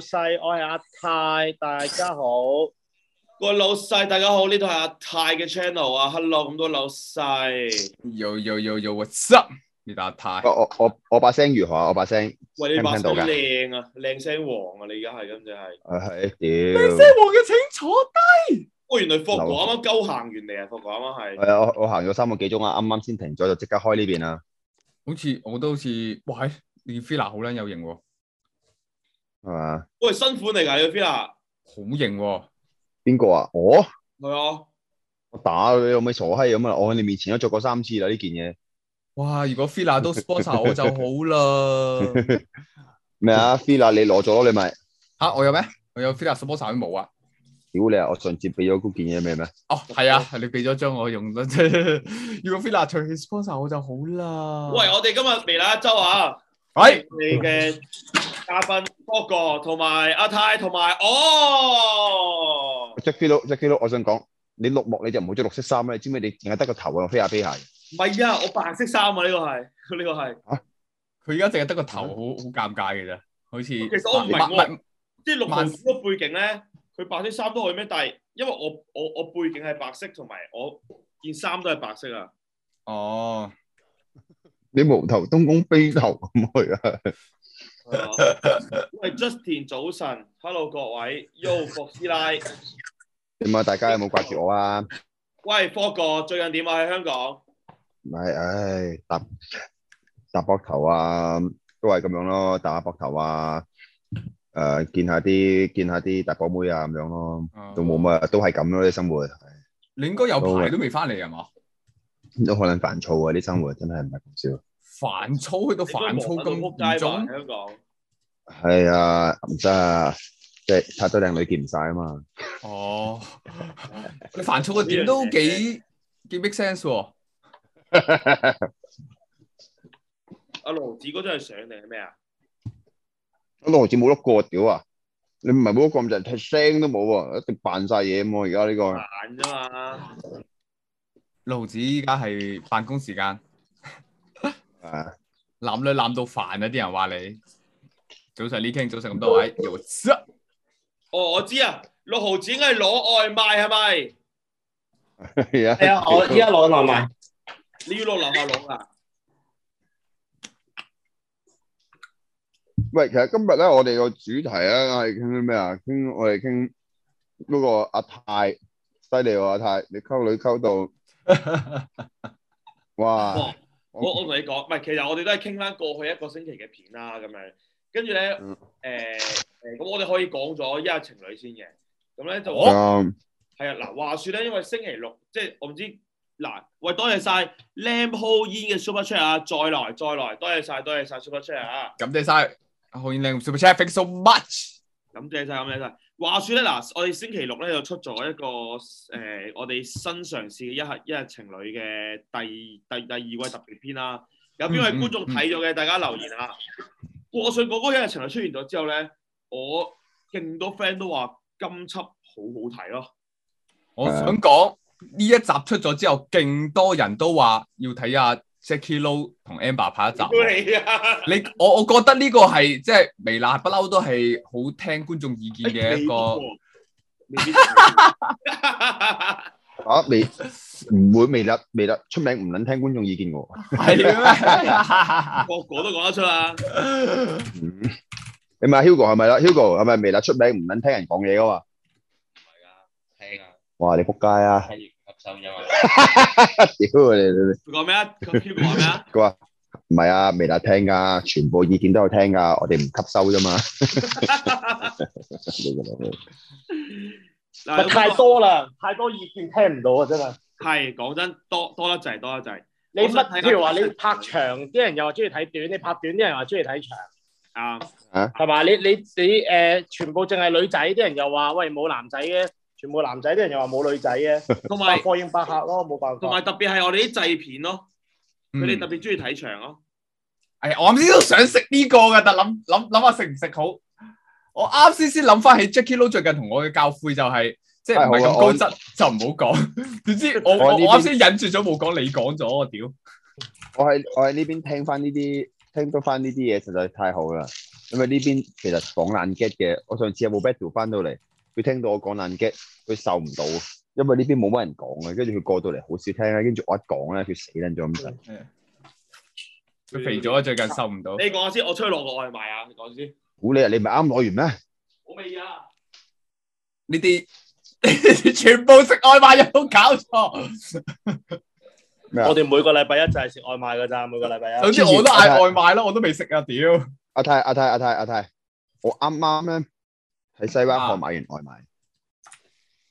老細，我係阿泰，大家好。各位老細，大家好，呢度係阿泰嘅 channel 啊，hello，咁多老細。又又又又 what up？你阿泰！我我我把聲如何啊？我把聲。喂，你把聲靚啊？靚聲王啊？你而家係咁就係。係屌。靚聲王嘅請坐低。我原來福哥啱啱夠行完嚟啊，福哥啱啱係。係啊， 我我行咗三個幾鐘啊，啱啱先停咗就即刻開呢邊啊。好似我都好似，喂、哎，你菲娜好靚有型喎。係嘛？喂，辛苦你噶，有 Fila，好型喎。邊個啊？我？係啊，我打你有咪傻閪咁啊？我喺你面前都着過三次啦呢件嘢。哇！如果 Fila 都 sponsor 我就好啦。咩啊 ？Fila 你攞咗你咪吓、啊？我有咩？我有 Fila sponsor 都冇啊？屌你啊！我上次俾咗嗰件嘢咩咩？哦，係啊，係你俾咗張我用啫！ 如果 Fila 再 sponsor 我就好啦。喂，我哋今日微辣一周啊，係、哎、你嘅的。 嘉分多哥，同埋阿泰，同埋哦，Jackie l u j a c k e l 我想講你綠幕你就唔好着綠色衫啦，你知唔知你淨係得個頭啊？飛下飛下。唔係啊，我白色衫啊，呢、這個係呢、這個係。啊，佢而家淨係得個頭，的好好尷尬嘅啫，好似。好其實我唔明、啊，即係把綠幕嗰背景咧，佢白色衫可以咩？但係因為我我我背景係白色，同埋我件衫都係白色啊。哦， 你無頭東宮飛頭咁去啊？ 喂，Justin，早晨，Hello，各位，Yo，霍師奶，點啊？大家有冇掛住我啊？喂，霍哥，最近點啊？喺香港，咪唉、哎，搭打膊頭啊，都係咁樣咯，搭下膊頭啊，誒、呃，見下啲，見下啲大波妹啊，咁樣咯，都冇乜，都係咁咯啲生活。你應該有排都未翻嚟啊嘛？都可能煩躁啊！啲生活真係唔係咁少。煩躁去到煩躁咁嚴重，係啊港，唔得啊，即係太多靚女見唔晒啊嘛。哦， 你煩躁嘅點都幾幾 make sense 喎，哦。阿盧， 啊，子哥都係上定係咩啊？阿盧子冇得過，屌啊！你唔係冇咁人聽聲都冇喎，一定扮晒嘢啊嘛。而家呢個啫嘛。路子依家係辦公時間。啊！攬女攬到煩啊！啲人話你早上呢傾早上咁多位，我知啊。哦，我知啊。六毫子應該係攞外賣係咪？係啊。係啊，我依家攞外賣。你要攞樓下攞啊？喂，其實今日咧，我哋個主題咧係傾啲咩啊？傾我哋傾嗰個阿泰犀利喎，阿泰你溝女溝到哇！我我同你講，唔係，其實我哋都係傾翻過去一個星期嘅片啦，咁樣跟住咧，誒誒，咁我哋可以講咗一下情侶先嘅，咁咧就，係啊，嗱，話説咧，因為星期六，即係我唔知，嗱，喂，多謝曬 Lamphold 煙嘅 Super Chat 啊，再來再來，多謝曬，多謝曬 Super Chat 啊，感謝曬，阿紅煙靚 Super Chat，Thank so much，感謝曬，感謝曬。話説咧，嗱，我哋星期六咧就出咗一個誒、呃，我哋新嘗試嘅一客一日情侶嘅第第第二位特別篇啦、啊。有邊位觀眾睇咗嘅？嗯嗯、大家留言啊。過上嗰個一日情侶出現咗之後咧，我勁多 friend 都話今輯好好睇咯。我想講呢一集出咗之後，勁多人都話要睇啊。Jacky Lou 同 Amber 拍一集，你我我覺得呢個係即係微辣，不嬲都係好聽觀眾意見嘅一個。啊，微唔會微辣，微辣出名唔捻聽觀眾意見嘅，係咩？個個都講得出啊！你咪霍哥係咪啦？霍哥係咪微辣出名唔捻聽人講嘢嘅嘛？哇！你仆街啊！收音 啊！屌，佢講咩啊？佢 Q 講咩啊？佢話唔係啊，未得聽噶，全部意見都有聽噶、啊，我哋唔吸收啫嘛。嗱， 太多啦，太多意見聽唔到啊，真係。係講真，多多得滯，多得滯。你乜？譬如話你拍長，啲了人又話中意睇短；你拍短，啲人又話中意睇長。啱、uh, 啊。係嘛？你你你誒、呃，全部淨係女仔，啲人又話喂冇男仔嘅。全部男仔，啲人又話冇女仔嘅，同埋百貨應百客咯，冇辦法。同埋特別係我哋啲製片咯，佢哋、嗯、特別中意睇場咯。哎呀，我啱先都想食呢、這個嘅，但諗諗諗下食唔食好。我啱先先諗翻起 Jacky Lou 最近同我嘅教誨就係、是，即係唔係咁高質，哎、就唔好講。點我 知我我啱先忍住咗冇講，你講咗我屌。我喺我係呢邊聽翻呢啲，聽咗翻呢啲嘢實在太好啦。因為呢邊其實講難 get 嘅，我上次有冇 Battle 翻到嚟。佢聽到我講爛 gag，佢受唔到，因為呢邊冇乜人講啊。跟住佢過到嚟好少聽咧，跟住我一講咧，佢死撚咗咁滯。佢肥咗，最近受唔到。你講先，我出去攞個外賣啊！你講先。冇理由，你咪啱攞完咩？我未啊！呢啲全部食外賣有冇搞錯。我哋每個禮拜一就係食外賣噶咋，每個禮拜一。總之我都嗌外賣咯，我都未食啊！屌。阿泰阿泰阿泰阿泰，我啱啱咧。喺西灣河買完外賣，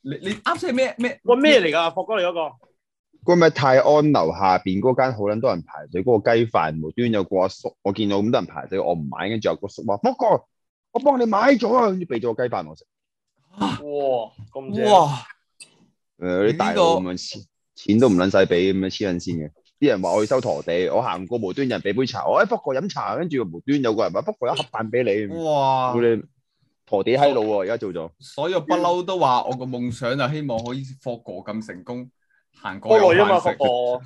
你你啱先係咩咩？我咩嚟噶？霍哥嚟嗰個，嗰咪泰安樓下邊嗰間好撚多人排隊，嗰個雞飯無端有個阿叔，我見到咁多人排隊，我唔買，跟住有個叔話：霍哥，我幫你買咗啊，你俾咗個雞飯我食。哇，咁正！誒，啲大佬咁樣錢錢都唔撚使俾咁樣黐緊線嘅，啲人話我要收陀地，我行過無端有人俾杯茶，我喺霍哥飲茶，跟住無端有個人話霍哥一盒飯俾你。哇！你。陀地閪佬喎，而家做咗。所以不嬲都話，我個夢想就希望可以霍哥咁成功行過嚟。不來啊嘛，霍哥。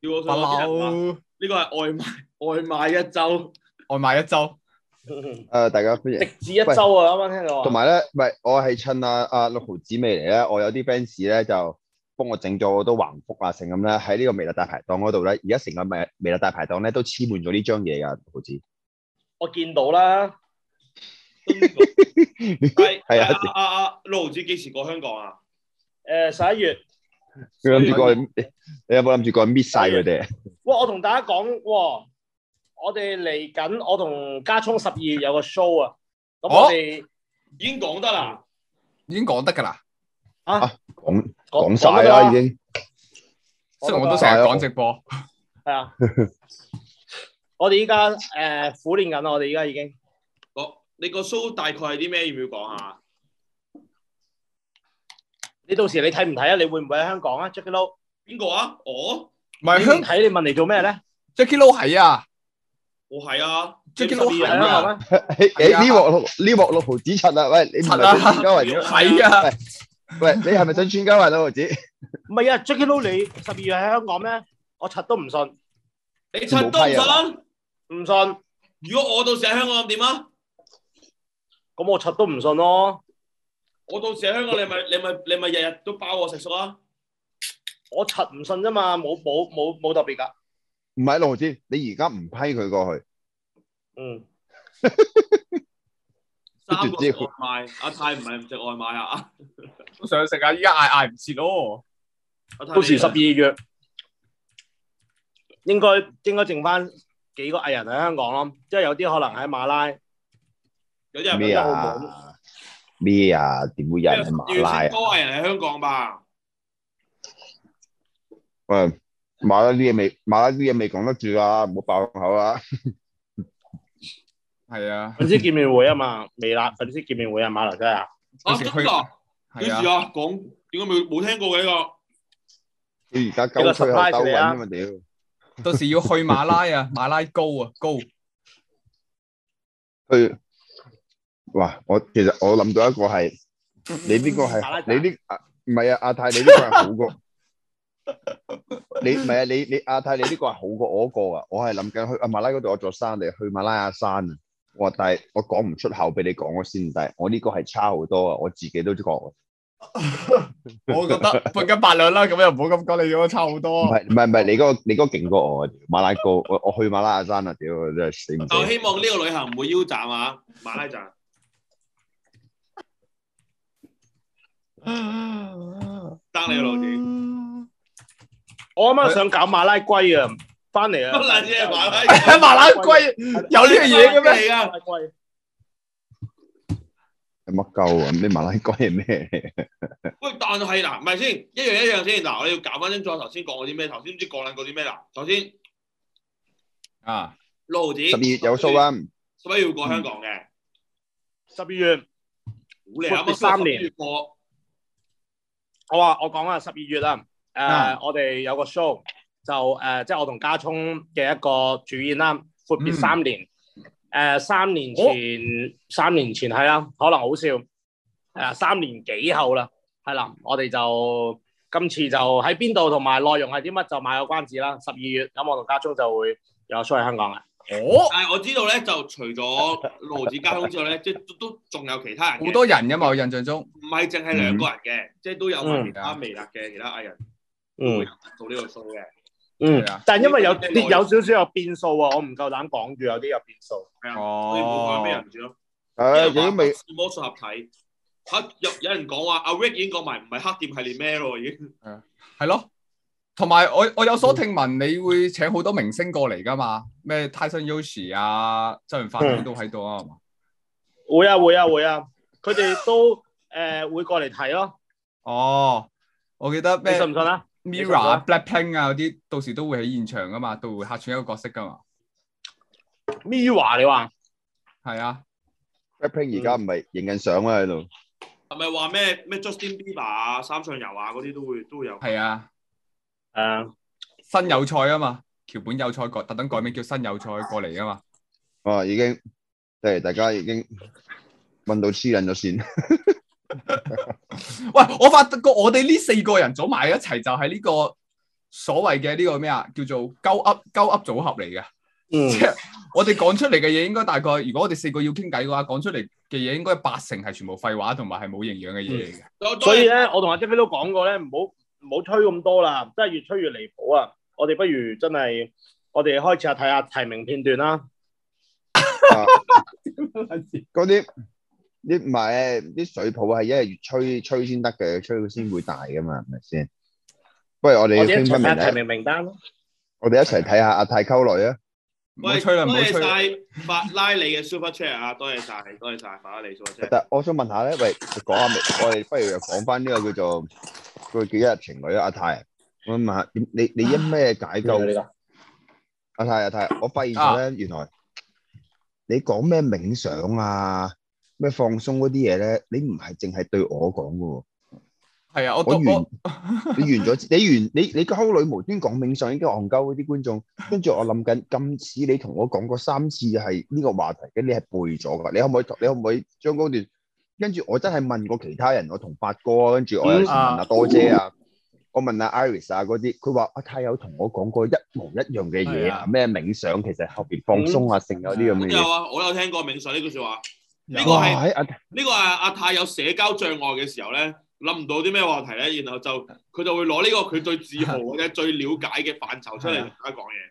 不嬲。 呢哥個係外賣，外賣一周，外賣一周，誒、呃，大家歡迎。直至一周啊，啱啱喂聽到。同埋咧，唔我係趁啊，阿六毫子未嚟咧，我有啲 fans 咧就幫我整咗好多橫幅啊，成咁咧喺呢個微辣大排檔嗰度咧，而家成個微微辣大排檔咧都黐滿咗呢張嘢噶，六毫子。我見到啦。係係啊！阿阿阿六毫子幾時過香港啊？誒，十一月。佢諗住過，你有冇諗住過搣晒佢哋？哇！我同大家講，哇！我哋嚟緊，我同家聰十二月有個 show 啊！咁我哋已經講得啦，已經講得噶啦，啊講講晒啦，已經。即係我都成日講直播，係啊。我哋依家誒苦練緊啦，我哋依家已經。你個 show 大概係啲咩？要唔要講下？你到時你睇唔睇啊？你會唔會喺香港啊？Jacky Lou，邊個啊？我唔係香睇你問嚟做咩咧？Jacky Lou 係啊，我係啊，Jacky Lou 係啊，係咩？誒誒，呢鑊呢鑊六毫子陳啦，喂，你唔係穿加圍嘅？係啊，喂，你係咪想穿加圍老婆子？唔係啊，Jacky Lou，你十二月喺香港咩？我陳都唔信，你陳都唔信？唔信。如果我到時喺香港點啊？咁我柒都唔信咯，我到時喺香港，你咪你咪你咪日日都包我食熟啊！我柒唔信啫嘛，冇冇冇冇特別噶。唔係羅志，你而家唔批佢過去。嗯。哈哈哈！阿泰唔係唔食外賣啊，我想食啊，依家嗌嗌唔切咯。到時十二月應該應該剩翻幾個藝人喺香港咯，即係有啲可能喺馬拉。咩啊？咩啊？點會有人喺馬拉？原來多係人喺香港吧？喂，馬拉啲嘢未，馬拉啲嘢未講得住啊！唔好爆口啊。係啊。粉絲見面會啊嘛，未啦？粉絲見面會啊，馬來西亞。啊真㗎？幾時啊？講，點解冇冇聽過嘅呢個？佢而家夠出拉走運啊嘛屌！到時要去馬拉啊，馬拉高啊，高去。哇！我其實我諗到一個係，你呢個係你呢？唔係啊，阿泰，你呢個係好過。你唔係啊，你你阿泰，你呢個係好過我嗰個啊！我係諗緊去馬拉嗰度有座山嚟，去馬拉雅山啊！我但係我講唔出口俾你講我先，但係我呢個係差好多啊！我自己都覺啊，我覺得半斤八兩啦，咁又唔好咁講，你我差好多。唔係唔係唔係，你嗰個你嗰個勁過我，馬拉哥我我去馬拉雅山啊！屌，真係死唔。我希望呢個旅行唔會腰斬啊，馬拉站。得你老字，我啱啱想搞馬拉龜啊，翻嚟啊，馬拉耶馬拉龜有呢樣嘢嘅咩？係乜鳩啊？啲馬拉龜係咩？喂，但係啦，唔係先，一樣一樣先嗱，我要搞翻先，再頭先講咗啲咩？頭先唔知講緊講啲咩啦？頭先啊，老字十二月有數啊，乜要過香港嘅？十二月五年三年過。我話我講啊，十二月啊，誒，我哋有個 show 就誒、呃，即係我同家聰嘅一個主演啦，闊別三年，誒、嗯呃，三年前、哦、三年前係啦、啊，可能好笑，誒、呃，三年幾後啦，係啦、啊，我哋就今次就喺邊度，同埋內容係啲乜，就買個關子啦。十二月咁我同家聰就會有出喺香港啦。我，誒，我知道咧，就除咗羅子嘉之外咧，即都都仲有其他人，好多人嘅嘛，我印象中，唔係淨係兩個人嘅，即都有其他微辣嘅其他藝人，嗯，做呢個數嘅，嗯，但係因為有啲有少少有變數啊，我唔夠膽講住有啲有變數，係啊，所以唔好話咩人住咯，誒，已經未魔術合體，吓有有人講話阿 Rick 已經講埋唔係黑店系列咩咯，已經，係啊，係咯。同埋我我有所聽聞，你會請好多明星過嚟噶嘛？咩 Tyson Yoshi 啊，周潤發都喺度啊，係嘛？會啊會啊會啊！佢哋都誒、 呃、會過嚟睇咯。哦，我記得咩？你信唔信啊？Mirror、Blackpink Mirror, 啊，嗰啲、啊、到時都會喺現場噶嘛，都會客串一個角色噶嘛。Mirror，你話係啊？Blackpink 而家唔係影緊相啊？喺度？係咪話咩咩 Justin Bieber 啊、三上悠啊嗰啲都會都有？係啊。誒，uh, 新有菜啊嘛，橋本有菜改特登改名叫新有菜過嚟啊嘛。哦、啊，已經即係大家已經問到私隱咗先 喂，我發覺我哋呢四個人組埋一齊就係呢個所謂嘅呢個咩啊，叫做鳩噏鳩噏組合嚟嘅。即係、嗯、我哋講出嚟嘅嘢，應該大概如果我哋四個要傾偈嘅話，講出嚟嘅嘢應該八成係全部廢話，同埋係冇營養嘅嘢嚟嘅。嗯、所以咧，對我同阿 J J 都講過咧，唔好。唔好吹咁多啦，真係越吹越離譜啊！我哋不如真係，我哋開始下睇下提名片段啦。嗰啲啲唔係誒，啲水泡係一係，越吹吹先得嘅，吹先會大㗎嘛，係咪先？不如我哋聽翻提名名單咯。我哋一齊睇下阿泰溝女啊！喂，唔好吹啦，多謝晒法拉利嘅 super chair 啊，多謝晒，多謝晒法拉利 super chair。但係我想問下咧？喂，講下，我哋不如又講返呢個叫做，個叫一日情侶阿泰，我想問下，你你因咩解救？阿泰阿泰，我發現咗咧，原來你講咩冥想啊，咩放鬆嗰啲嘢咧，你唔係淨係對我講噶。係啊，我完你完咗，你完你你溝女無端講冥想，已經戇鳩嗰啲觀眾。跟住我諗緊，今次你同我講過三次係呢個話題，你係背咗㗎。你可唔可以？你可唔可以將嗰段？跟住我真係問過其他人，我同發哥啊，跟住我有問阿多姐啊，我問阿 Iris 啊嗰啲，佢話阿泰有同我講過一模一樣嘅嘢，咩冥想其實後邊放鬆啊，剩有啲咁嘅嘢。有啊，我有聽過冥想呢句説話。有啊，呢個係呢個係阿泰有社交障礙嘅時候咧。諗唔到啲咩話題咧，然後就佢就會攞呢個佢最自豪嘅的最了解嘅範疇出嚟同大家講嘢。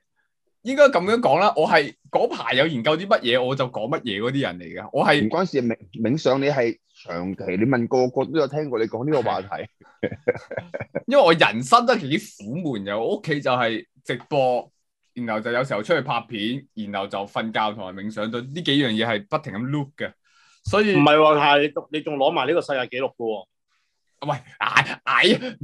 應該咁樣講啦，我係嗰排有研究啲乜嘢，我就講乜嘢嗰啲人嚟㗎。我係唔關事，冥冥想你係長期，你問個個都有聽過你講呢個話題。的 因為我人生得幾苦悶，有屋企就係直播，然後就有時候出去拍片，然後就瞓覺同埋冥想到呢幾樣嘢係不停咁 loop 嘅。所以唔係話係你，你仲攞埋呢個世界紀錄㗎。喂，哎哎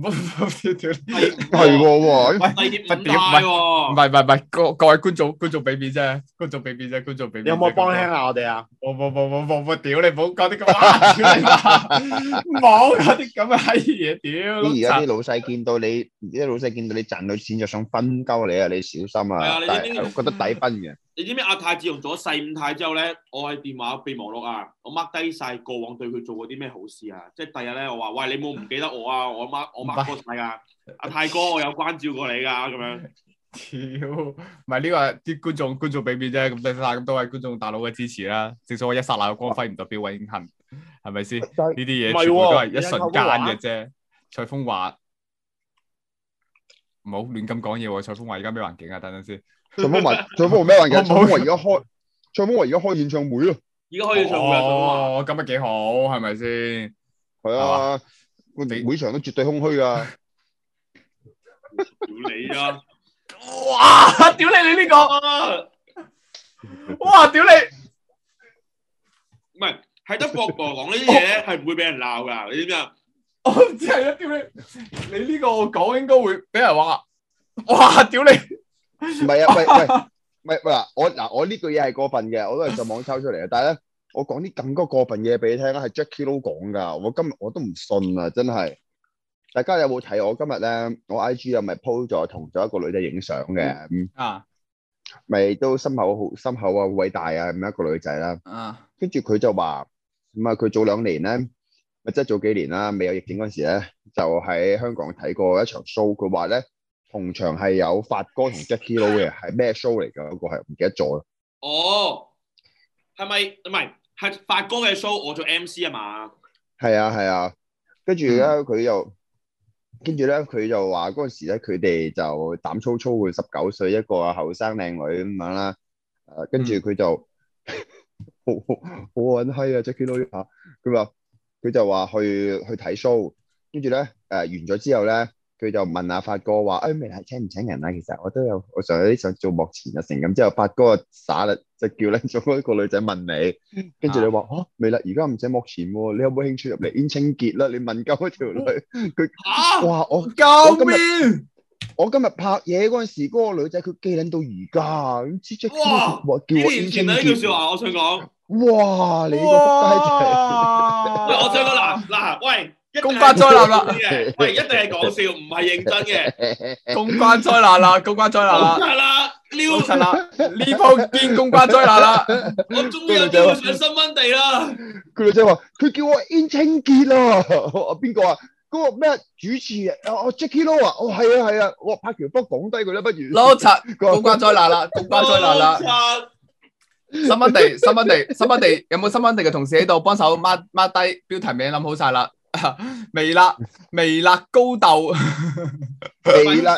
好，唔好，屌你，係係喎，低點唔低喎，唔係唔係唔係，各各位觀眾觀眾俾面啫，觀眾俾面啫，觀眾俾面。有冇幫輕下我哋啊？冇冇冇冇冇，屌你，唔好講啲咁嘅，唔好講啲咁嘅閪嘢，屌！而家啲老細見到你，而家啲老細見到你賺到錢就想分鳩你啊，你小心啊，但係覺得抵分嘅。你知唔知阿泰自從做咗四五太之後咧，我喺電話備忘錄啊，我 mark 低晒過往對佢做過啲咩好事啊，即係第日咧我話喂，你冇唔記得我啊？我阿 a 我 mark 晒噶，是阿泰哥我有關照過你噶咁樣。唔係呢個係啲觀眾，觀眾俾面啫，咁多位觀眾大佬嘅支持啦。正所謂一剎那嘅光輝唔代表永恆，係咪先？呢啲嘢都係一瞬間嘅啫。蔡峰華，唔好亂咁講嘢喎，蔡峰華，依家咩環境啊？等陣先。蔡楓華，蔡楓華咩嚟嘅？蔡楓華而家開，蔡楓華而家開演唱會咯。而家開演唱會哦，咁啊幾好，係咪先？係啊，你會吧場都絕對空虛噶。屌你啊！ 哇！屌你你呢、這個！哇！屌你！唔係，係得霍哥哥講呢啲嘢，係唔會俾人鬧噶。你知唔知啊？我唔知，係啊！你呢個我講，應該會俾人話、啊。哇！屌你！唔係啊，喂喂，唔係喂嗱，我嗱我呢句嘢係過分嘅，我都係上網抽出嚟啊。但係咧，我講啲咁多過分嘢俾你聽啊，係 Jacky Lou 講噶，我今日我都唔信啊，真係。大家有冇睇我今日咧？我 IG 又咪 post 咗同咗一個女仔影相嘅，啊，咪都心口好心口啊，好偉大啊，咁一個女仔啦，啊，跟住佢就話，咁啊佢早兩年咧，咪即係早幾年啦，未有疫情嗰時咧，就喺香港睇過一場 show，佢話咧。同場係有霍哥同 Jacky Lou 嘅，係咩 show 嚟噶？嗰個係唔記得咗啦。哦，係咪唔係係霍哥嘅 show？我做 MC 啊嘛。係啊係啊，跟住咧，佢又跟住咧，佢就話嗰陣時咧，佢哋就膽粗粗，十九歲一個後生靚女咁樣啦。誒，跟住佢就好好好搵閪啊，Jacky Lou 吓。佢話佢就話去去睇 show，跟住咧，誒完咗之後咧。佢就問阿發哥話：哎，未啦，請唔請人啊？其實我都有，我上有啲想做幕前啊成咁。之後發哥耍啦，就叫咧做嗰個女仔問你，跟住你話：啊，未啦，而家唔使幕前喎，你有冇興趣入嚟演清潔啦？你問夠嗰條女，佢哇，我救命！我今日拍嘢嗰陣時，嗰個女仔佢記撚到而家，哇！完全係呢句說話，我想講，哇！你，哇！我想講嗱嗱，喂。公關災難啦！喂，一定係講笑，唔係認真嘅。公關災難啦，公關災難啦！啦，news 呢鋪見公關災難啦！我終於有機會上新聞地啦！佢女仔話：佢叫我 in 清潔咯。我話邊個啊？嗰個咩主持啊？哦，Jacky Lou 啊？哦，係啊，係啊。我拍條幅講低佢啦，不如。撈柒！公關災難啦！公關災難啦！新聞地，新聞地，新聞地，有冇新聞地嘅同事喺度幫手 mark mark 低標題名？諗好晒啦！微辣，微辣高豆，微辣，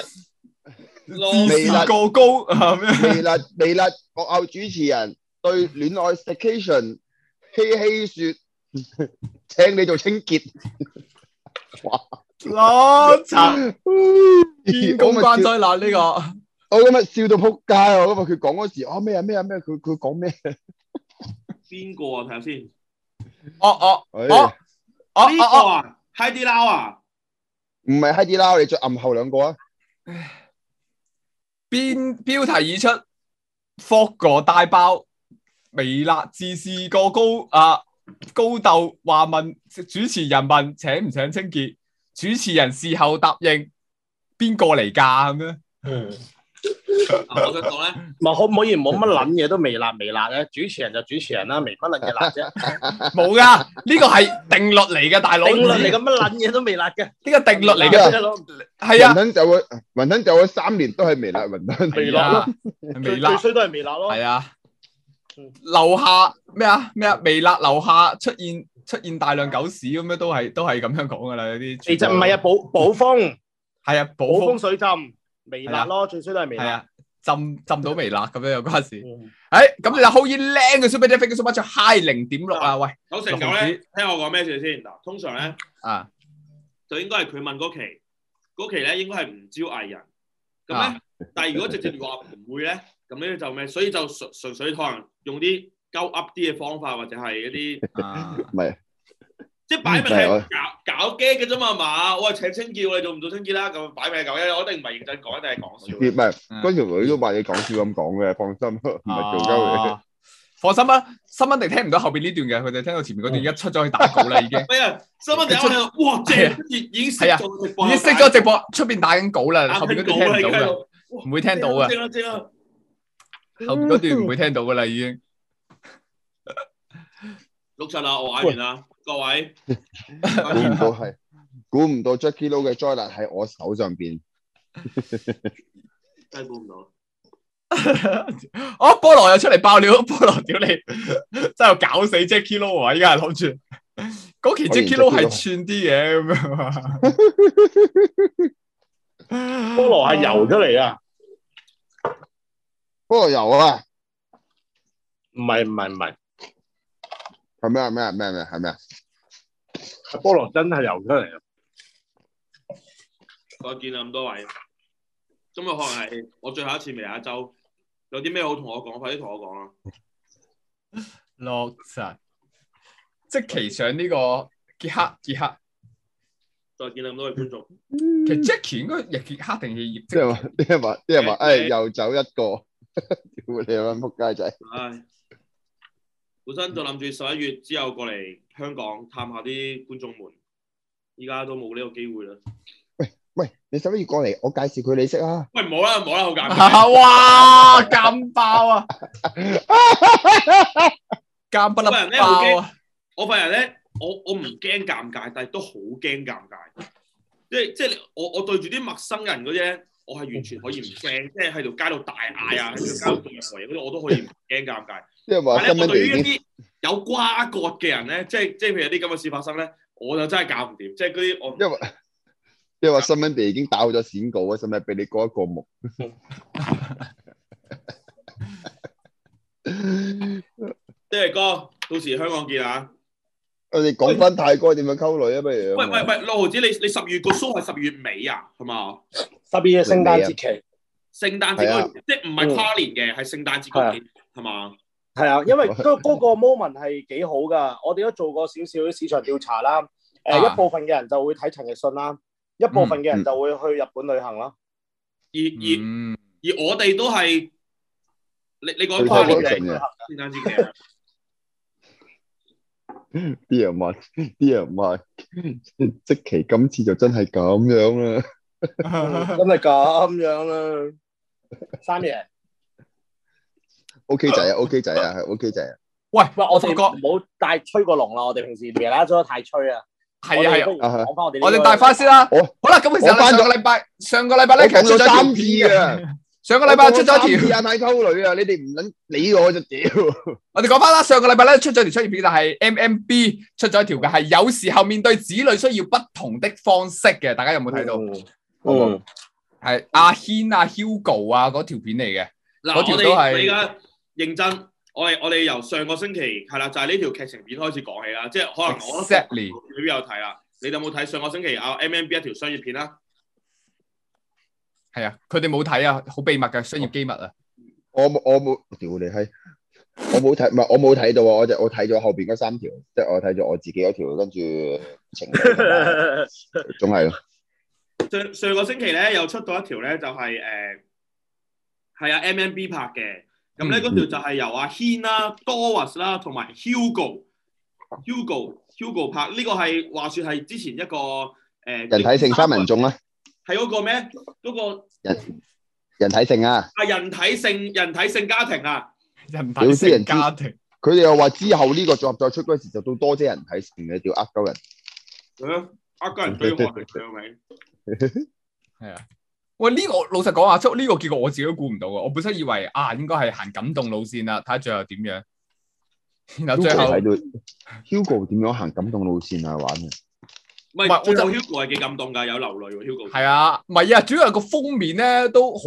微辣過高啊！咩？微辣，微辣，國奧主持人對戀愛 station 嬉戲說，請你做清潔。哇！亂層，見光關災難呢個，我今日笑到撲街啊！我今日佢講嗰時，啊咩啊咩啊咩？佢佢講咩？邊個啊？睇下先。哦哦哦。哦，個啊？Hidey Lau 啊？唔係 Hidey Lau 你再暗後兩個，個，個啊？邊標題已出霍哥大爆微辣，自視過高。阿高斗話問主持人問，請唔請清潔？主持人事後答應，邊個嚟噶咁樣？嗯我講咧，咪可唔可以冇乜捻嘢都微辣微辣咧？主持人就主持人啦，微不捻嘅辣啫。冇噶，呢個係定律嚟嘅，大佬定律嚟咁乜捻嘢都微辣嘅，呢個定律嚟嘅，係啊。雲吞就會，雲吞就會三年都係微辣，雲吞微辣，微辣最衰都係微辣咯。係啊，樓下咩啊咩啊微辣樓下出現出現大量狗屎咁樣都係都係咁樣講噶啦，有啲其實唔係啊，補補風係啊，補風水浸。微辣咯，最衰都係微辣。係啊，浸浸到微辣咁樣有關事。誒，咁你就 hold 靚嘅 super cheap，嘅 super cheap high 零點六啊！喂，講成講咧，聽我講咩事先嗱？通常咧啊，就應該係佢問嗰期嗰期咧，應該係唔招藝人咁咧。但係如果直接話唔會咧，咁咧就咩？所以就純純粹可能用啲鳩噏啲嘅方法，或者係一啲啊，即係擺明係搞搞驚嘅啫嘛，馬我話請清潔，我哋做唔到清潔啦。咁擺明係搞嘢，我一定唔係認真講，一定係講笑。唔係嗰條女都話你講笑咁講嘅，放心唔係做鳩你。放心啦，新聞定聽唔到後邊呢段嘅，佢哋聽到前面嗰段而家出咗去打稿啦，已經。咩啊？新聞定出？哇！正粵語已經係啊，已經熄咗直播，出邊打緊稿啦。後邊都唔聽到噶，唔會聽到嘅。知啦知啦，後邊嗰段唔會聽到噶啦，已經。錄實啊，我玩完啦。各位，估唔到係，估唔到 Jacky Lou 嘅災難喺我手上邊，真係估唔到。哦，菠蘿又出嚟爆料，菠蘿屌你，真係搞死 Jacky Lou 啊！依家係諗住，講起 Jacky Lou 係串啲嘢咁樣啊，菠蘿係油出嚟啊，菠蘿油啊，唔係唔係唔係，係咩啊咩啊咩咩係咩啊？菠蘿真係游出嚟啦！再見啊，咁多位，今日可能係我最後一次未？下一周有啲咩好同我講，快啲同我講啊。落山，即騎上呢個傑克，傑克。再見啊，咁多位觀眾。其實 Jacky 應該葉傑克定葉葉？即係話，即係話，即係話，誒，又走一個，屌 你啊，仆街仔。本身就諗住十一月之後過嚟香港探下啲觀眾們，依家都冇呢個機會啦。喂喂，你十一月過嚟，我介紹佢你識啊。喂，唔好啦，唔好啦，好尷尬。哇，尷 爆啊！尷不甩。我份人咧好驚，我份人咧，我我唔驚尷尬，但係都好驚尷尬。即係即係，我我對住啲陌生人嗰啲咧，我係完全可以唔驚，即係喺條街度大嗌啊，喺條街度做任何嘢嗰啲， 我都可以唔驚尷尬。 因為話，咁對於啲有瓜葛嘅人咧，即係即係，譬如啲咁嘅事發生咧，我就真係搞唔掂。即係嗰啲我，因為因為話新民地已經打好咗剪稿啊，甚至俾你過一個目。即係哥，到時香港見啊！我哋講翻泰哥點樣溝女啊，不如？喂喂喂，六毫子，你你十月嘅 show 係十月尾啊？係嘛？十月聖誕節期，聖誕節即係唔係跨年嘅，係聖誕節嗰邊係嘛？係啊，因為嗰嗰個 moment 係幾好㗎，我哋都做過少少市場調查啦。誒一部分嘅人就會睇陳奕迅啦，一部分嘅人就會去日本旅行啦。而而而我哋都係你你講跨年嚟，單隻嘅。啲人話啲人話積奇今次就真係咁樣啦，真係咁樣啦，三爺。O K 仔啊，O K 仔啊，係 O K 仔啊。喂喂，我同哥唔好帶吹過龍咯，我哋平時其他都太吹啊。係啊係啊，講翻我哋，我哋帶翻先啦。好啦，咁其實上個禮拜上個禮拜咧其實出咗三支啊。上個禮拜出咗條啊，太溝女啊，你哋唔捻理我就屌。我哋講翻啦，上個禮拜咧出咗條商業片，就係 M M B 出咗條嘅係有時候面對子女需要不同的方式嘅，大家有冇睇到？哦，係阿軒啊，Hugo 啊，嗰條片嚟嘅嗱，我哋你而家。認真，我哋我哋由上個星期係啦，就係呢條劇情片開始講起啦。即係可能我 Exactly 你邊有睇啦？你有冇睇上個星期阿 MNB 一條商業片啊？係啊，佢哋冇睇啊，好秘密嘅商業機密啊！我冇我冇屌你，閪，我冇睇，唔係我冇睇到啊！我，我，我，我，我，我就是，我睇咗後邊嗰三條，即係我睇咗我自己嗰條，跟住仲係， 總係是上上個星期咧，又出到一條咧，就係、是、誒、係、呃、啊，MNB 拍嘅。咁咧嗰條就係由阿軒啦、Doris 啦同埋 Hugo、Hugo、Hugo 拍呢個係話説係之前一個誒、呃、人體性三民眾啦，係嗰個咩？嗰、嗰個人人體性啊，啊人體性人體性家庭啊，人體性家庭，佢哋又話之後呢個作作出嗰時就都多啲人體性嘅叫厄格人，係咯，厄格人最華麗嘅名，係啊。Art 喂，呢個老實講啊，呢個結果我自己都估唔到嘅。我本身以為啊，應該係行感動路線啦，睇下最後點樣。然後最後，Hugo 點樣行感動路線啊？玩嘅，唔係，我就 Hugo 係幾感動噶，有流淚喎 Hugo，就是。係啊，唔係啊，主要係個封面咧都好。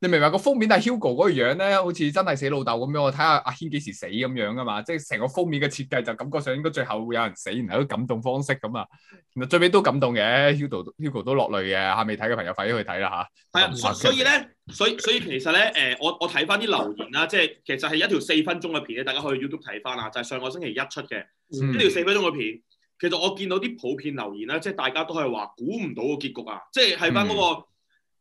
你明唔明，就是，個封面但係 Hugo 嗰個樣咧，好似真係死老豆咁樣，我睇下阿軒幾時死咁樣啊嘛，即係成個封面嘅設計就感覺上應該最後會有人死，然後都感動方式咁啊。然後最尾都感動嘅，Hugo Hugo 都落淚嘅，下未睇嘅朋友快啲去睇啦吓。係啊，所以咧，所以所以，所以、呃、其實咧，誒我我睇翻啲留言啦，即係其實係一條四分鐘嘅片咧，大家可以 YouTube 睇翻啊，就係，是，上個星期一出嘅，嗯、一條四分鐘嘅片。其實我見到啲普遍留言啦，即係大家都係話估唔到個結局啊，即係喺翻嗰個。嗯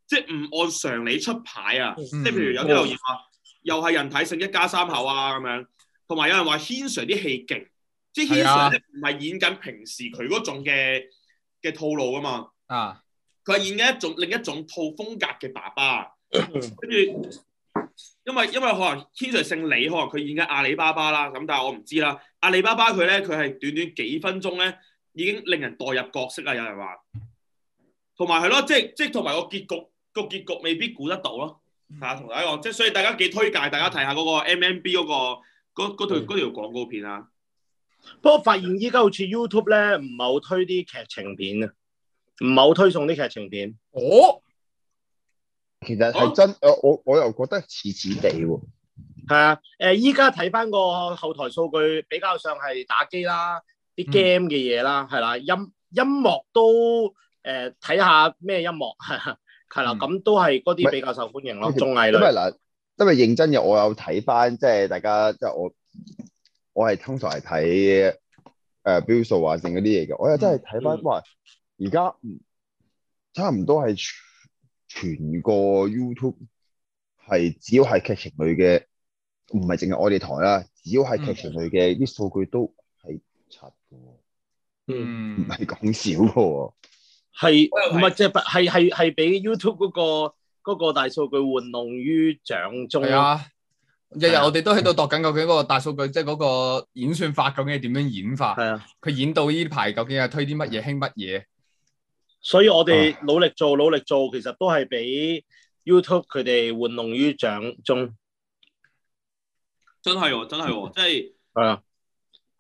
即係唔按常理出牌啊！即係、嗯、譬如有啲留言話，嗯、又係人體性一家三口啊咁樣，同埋有，有人話 Hin Sir 啲戲勁，嗯、即係 Hin Sir 咧唔係演緊平時佢嗰種嘅嘅、嗯、套路㗎嘛。啊！佢係演緊一種另一種套風格嘅爸爸，跟住、嗯、因為因為可能 Hin Sir 姓李，可能佢演緊阿里巴巴啦。咁但係我唔知啦。阿里巴巴佢咧佢係短短幾分鐘咧已經令人代入角色啦。有人話，同埋係咯，即係即係同埋個結局。個結局未必估得到咯，係同大家講，即係所以大家幾推介，大家睇下嗰個 MMB 嗰、嗰個嗰條條廣告片啊。嗯、不過發現依家好似 YouTube 咧，唔係好推啲劇情片啊，唔係好推送啲劇情片。哦，其實係真誒，哦、我我又覺得似似地喎。係啊，誒、呃，依家睇翻個後台數據，比較上係打機啦，啲 game 嘅嘢啦，係啦、嗯啊，音音樂都誒睇下咩音樂。係啦，咁、嗯、都係嗰啲比較受歡迎咯，綜藝類。因為嗱，因為認真嘅，我有睇翻，即係大家，即係我，我係通常係睇誒標數啊，剩嗰啲嘢嘅。我又真係睇翻，哇而家差唔多係全，全個 YouTube 係，只要係劇情類嘅，唔係淨係我哋台啦，只要係劇情類嘅啲數據都係賊嘅，嗯，唔係講少嘅。係唔係即係係係係俾 YouTube 嗰個嗰、嗰個大數據玩弄於掌中？啊，日日、啊、我哋都喺度度緊究竟嗰個大數據，即係嗰個演算法究竟係點樣演化？係啊，佢演到呢排究竟係推啲乜嘢，興乜嘢？所以我哋努,、啊、努力做，努力做，其實都係俾 YouTube 佢哋玩弄於掌中。真係、哦，真係、哦，即係係啊，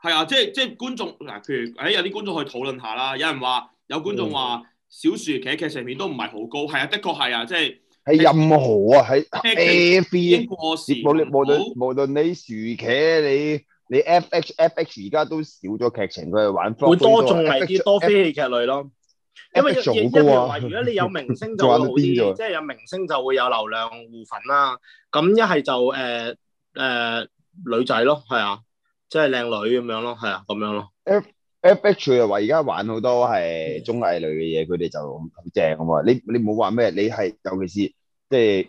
係啊，即係即係觀眾嗱，譬如喺有啲觀眾去以討論下啦，有人話。有觀眾話：小薯茄劇情面都唔係好高，係啊，的確係啊，即係係任何啊，係 A 飛已經過時，無論無論你薯茄你你 F H F H 而家都少咗劇情去玩。會多種係啲多非戲劇類咯，因為一係話如果你有明星就會好啲，即係有明星就會有流量互粉啦。咁一係就誒誒女仔咯，係啊，即係靚女咁樣咯，係啊，咁樣咯。F H 又話而家玩好多係綜藝類嘅嘢，佢哋就好正啊嘛！你你冇話咩？你係尤其是即係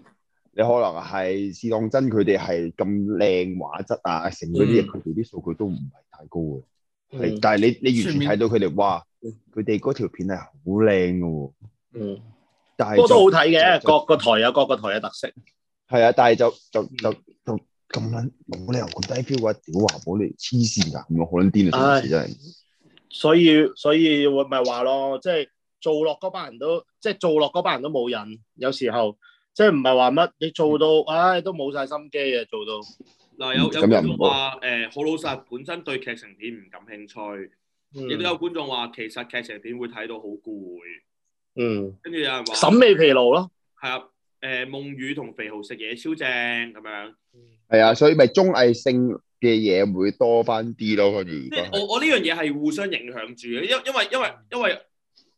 你可能係試當真，佢哋係咁靚畫質啊，成嗰啲嘢，佢哋啲數據都唔係太高嘅。但係你你完全睇到佢哋哇，佢哋嗰條片係好靚嘅。嗯，但係都好睇嘅，各個台有各個台嘅特色。係啊，但係就就就就咁撚冇理由咁低標啊！屌華寶你黐線噶，咁樣好撚癲啊！真係。所以所以會咪話咯，即係做落嗰班人都，即係做落嗰班人都冇癮。有時候即係唔係話乜，你做到唉都冇晒心機嘅做到。嗱有有觀眾話誒好老實，本身對劇情片唔感興趣。亦都有觀眾話，其實劇情片會睇到好攰。嗯，跟住有人話審美疲勞咯。係啊，誒夢雨同肥豪食嘢超正咁樣。係啊，所以咪綜藝性嘅嘢會多翻啲咯，跟住即係我我呢樣嘢係互相影響住嘅，因為因為因為因為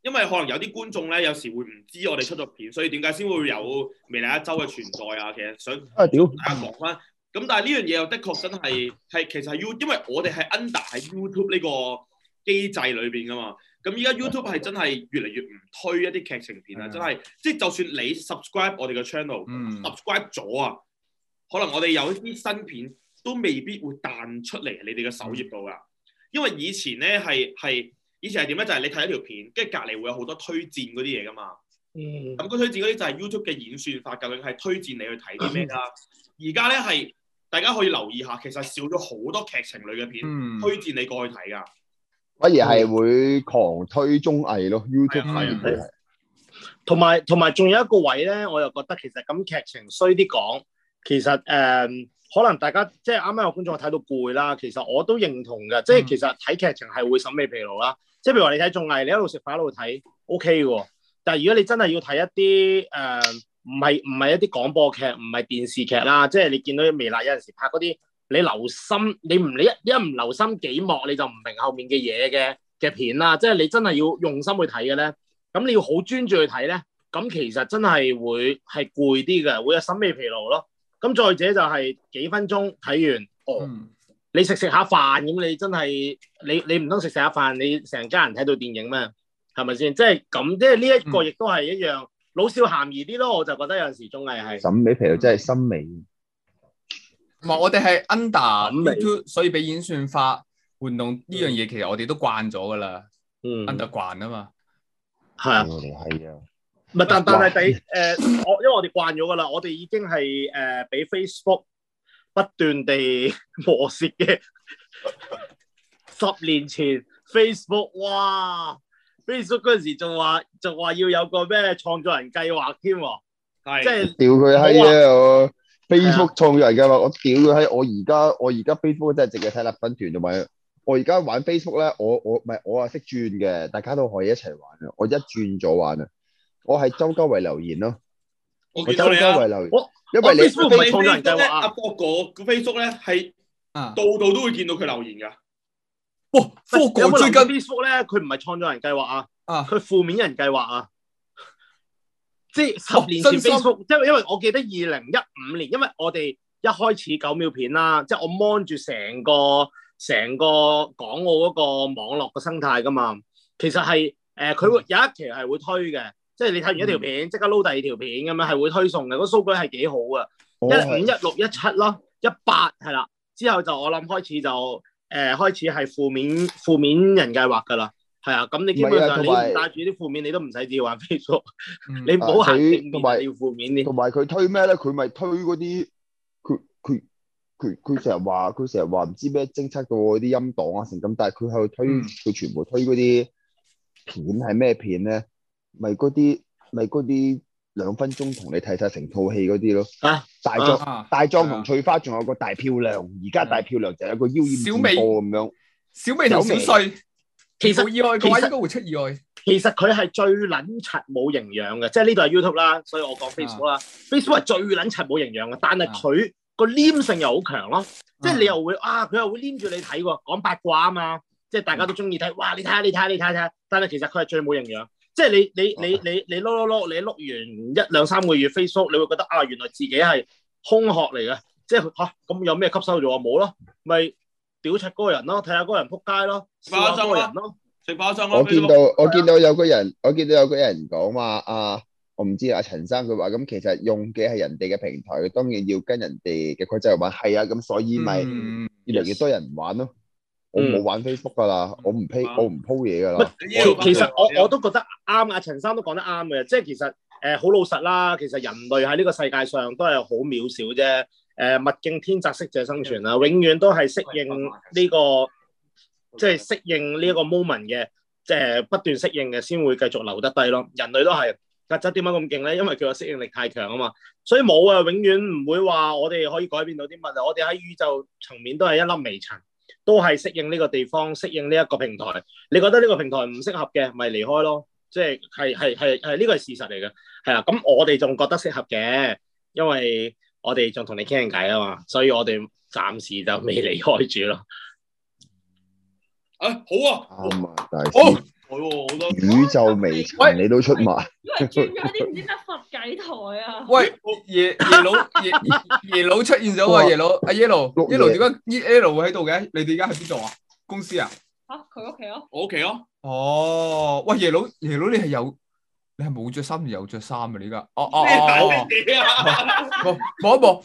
因為可能有啲觀眾咧，有時會唔知我哋出咗片，所以點解先會有「未來一周」嘅存在啊？其實想啊，屌大家講翻，咁、嗯、但係呢樣嘢又的確真係係其實係 YouTube，因為我哋係 under 喺 YouTube 呢個機制裏邊噶嘛。咁依家 YouTube 係真係越嚟越唔推一啲劇情片啊！嗯、真係即係就算你我們、嗯、subscribe 我哋嘅 channel，subscribe 咗啊，可能我哋有啲新片。都未必會彈出嚟你哋嘅首頁度噶，嗯、因為以前咧係係以前係點咧？就係、是、你睇一條片，跟住隔離會有好多推薦嗰啲嘢噶嘛。嗯，咁嗰推薦嗰啲就係 YouTube 嘅演算法，究竟係推薦你去睇啲咩噶？而家咧係大家可以留意下，其實少咗好多劇情類嘅片、嗯、推薦你過去睇噶。反而係會狂推綜藝咯，YouTube 係同埋同埋仲有一個位咧，我又覺得其實咁劇情衰啲講，其實誒。嗯可能大家即係啱啱有觀眾睇到攰啦，其實我都認同嘅、嗯，即係其實睇劇情係會審美疲勞啦。即係譬如話你睇綜藝，你一路食飯一路睇，O K 嘅喎。但係如果你真係要睇一啲誒，唔係唔係一啲廣播劇，唔係電視劇啦，即係你見到微辣有陣時拍嗰啲，你留心你唔你一一唔留心幾幕你就唔明後面嘅嘢嘅嘅片啦。即係你真係要用心去睇嘅咧，咁你要好專注去睇咧，咁其實真係會係攰啲嘅，會有審美疲勞咯。咁再者就係幾分鐘睇完，哦，你食食下飯咁，你真係你你唔通食食下飯，你成家人睇到電影咩？係咪先？即係咁，即係呢一個亦都係一樣、嗯、老少咸宜啲咯。我就覺得有陣時綜藝係審美皮又真係審美，唔係我哋係 under YouTube，所以俾演算法互動呢樣嘢，嗯、其實我哋都慣咗㗎喇，under 慣啊嘛，係啊。嗯唔係，但但係俾誒，我、呃、因為我哋慣咗噶啦，我哋已經係誒俾、呃、Facebook 不斷地磨蝕嘅。十年前 Facebook 哇，Facebook 嗰陣時仲話仲話要有個咩創作人計劃添喎，係即係屌佢閪啊！我 Facebook 創作人計劃，我屌佢閪！我而家我而家 Facebook 真係淨係睇立品團同埋，我而家玩 Facebook 咧，我我唔係我啊識轉嘅，大家都可以一齊玩啊！我一轉咗玩啊！我係周周圍留言咯，我周周圍留言，我因為你你創造人計劃啊，阿霍哥個 Facebook 咧係，啊，度度都會見到佢留言噶，哇，霍哥最近 Facebook 咧？佢唔係創造人計劃啊，啊，佢負面人計劃啊，即係十年前 Facebook，因為因為我記得二零一五年，因為我哋一開始九秒片啦，即係我 mon 住成個成個港澳嗰個網絡個生態噶嘛，其實係誒，佢會有一期係會推嘅。即係你睇完一條片，即、嗯、刻撈第二條片咁樣，係會推送嘅。個數據係幾好啊，一五一六一七咯，一八係啦。之後就我諗開始就誒、呃、開始係負面負面人計劃㗎啦。係啊，咁你基本上你唔帶住啲負面，你都唔使、嗯、要玩 Facebook。你唔好話同埋要負面啲。同埋佢推咩咧？佢咪推嗰啲？佢佢佢佢成日話佢成日話唔知咩偵測到嗰啲音檔啊成咁，但係佢係推佢、嗯、全部推嗰啲片係咩片咧？咪嗰啲，咪嗰啲兩分鐘同你睇晒成套戲嗰啲咯。啊，大壯狀、啊、大壯同翠花，仲，有個大漂亮。而家大漂亮就有個妖艷咁樣。小美九歲美，其實其意外佢應該會出意外。其實佢係最撚柒冇營養嘅，即係呢度係 YouTube 啦，所以我講 Facebook 啦。啊、Facebook 係最撚柒冇營養嘅，但係佢個黏性又好強咯。啊、即係你又會啊，佢又會黏住你睇喎，講八卦啊嘛，即係大家都中意睇。嗯、哇，你睇下，你睇下，你睇下，但係其實佢係最冇營養。即係你你你你你碌碌碌，你碌完一兩三個月 Facebook，你會覺得啊，原來自己係空殼嚟嘅，即係吓咁有咩吸收咗啊？冇咯，咪屌柒嗰個人咯，睇下嗰人扑街咯，食花生嗰個人咯，食花生咯。我見到我見到有個人，我見到有個人講話啊，我唔知阿陳生佢話咁，其實用嘅係人哋嘅平台，當然要跟人哋嘅規則玩。係啊，咁所以咪越嚟越多人玩咯。我冇玩 Facebook 噶啦，我唔 pay，我唔 po 嘢噶啦。唔，其實我我都覺得啱，阿陳生都講得啱嘅，即係其實誒好老實啦。其實人類喺呢個世界上都係好渺小啫。誒，物競天擇，適者生存啦，永遠都係適應呢個，即係適應呢一個 moment 嘅，即係不斷適應嘅，先會繼續留得低咯。人類都係，曱甴點解咁勁咧？因為佢嘅適應力太強啊嘛。所以冇啊，永遠唔會話我哋可以改變到啲乜嘢。我哋喺宇宙層面都係一粒微塵。都係適應呢個地方，適應呢一個平台。你覺得呢個平台唔適合嘅，咪離開咯。即係系系系係呢個係事實嚟嘅。係啦，咁我哋仲覺得適合嘅，因為我哋仲同你傾偈啊嘛，所以我哋暫時就未離開住咯。誒、啊，好啊，好。好宇宙微塵你都出埋，因為轉咗啲唔知乜佛偈台啊。喂，耶耶老耶耶老出現咗啊！耶老阿 yellow yellow 點解 yellow 會喺度嘅？你哋而家喺邊度啊？公司啊？吓佢屋企咯，我屋企咯。哦，喂，耶老耶老你係有你係冇着衫定有着衫啊？你而家哦哦哦，望一望，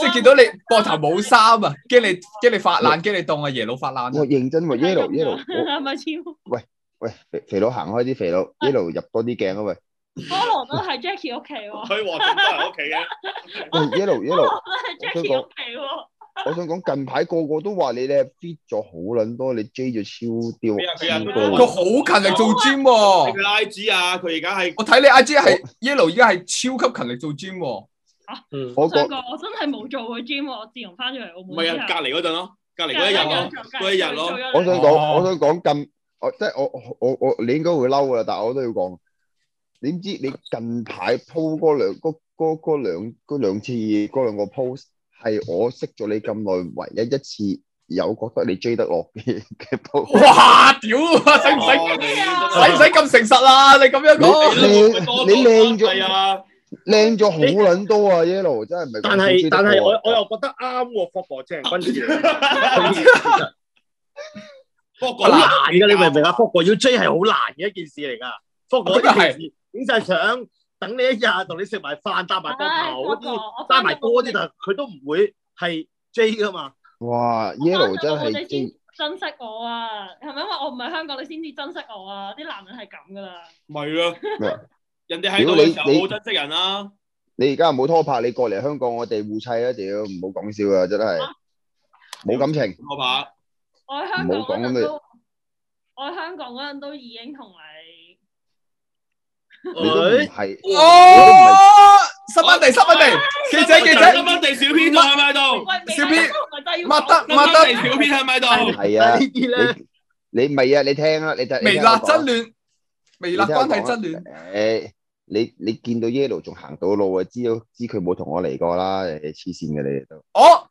即係見到你膊頭冇衫啊！驚你驚你發冷，驚你凍啊！耶老發冷，我認真喎 yellow yellow，啱唔啱先？喂。喂，肥肥佬行開啲，肥佬 Yellow 入多啲鏡啊！喂，阿龍都係 Jackie 屋企喎，佢話全部係屋企嘅。Yellow Yellow，我想講，我想講，近排個個都話你咧 fit 咗好卵多，你 J 就超屌，佢好勤力做 gym 喎。你阿 J 啊，佢而家係我睇你阿姐係，Yellow 而家係超級勤力做 gym。嗯，我上我真係冇做過 gym，我自從翻咗嚟，我唔係啊。隔籬嗰陣咯，隔籬嗰一日咯，嗰一日咯。我想講，我想講近。哦，即係我我我我，你應該會嬲噶啦，但係我都要講。點知你近排 po 嗰兩嗰嗰嗰兩嗰兩次嗰兩個 post，係我識咗你咁耐唯一一次有覺得你追得落嘅 post。哇！屌，使唔使使唔使咁誠實啊？你咁樣講，你你靚咗靚咗好撚多啊！一路真係唔係，但係但係我我又覺得啱喎 Football 聽，關注你。福哥好難噶，你明唔明啊？福哥要追係好難嘅一件事嚟噶，福哥啲件事，整晒相等你一日同你食埋飯，搭埋波，打埋多啲，但佢都唔會係追噶嘛。哇！Yellow 真係，珍惜我啊，係咪因為我唔係香港，你先至珍惜我啊？啲男人係咁噶啦，咪啊！人哋喺度嘅時候你冇珍惜人啊！你而家唔好拖拍，你過嚟香港我哋互砌一屌唔好講笑啊，真係冇感情拖拍。我喺香港嗰陣都，我喺香港嗰陣都已經同你，你都唔係，你都唔係，十蚊地十蚊地，記者記者，十蚊地小編在喺咪度？小編，乜得乜得，小編喺咪度？係啊，呢啲咧，你唔係啊，你聽啦，你睇，微辣爭亂，微辣關係爭亂。誒，你你見到 yellow 仲行到路啊？知道知佢冇同我嚟過啦，黐線嘅你哋都。我。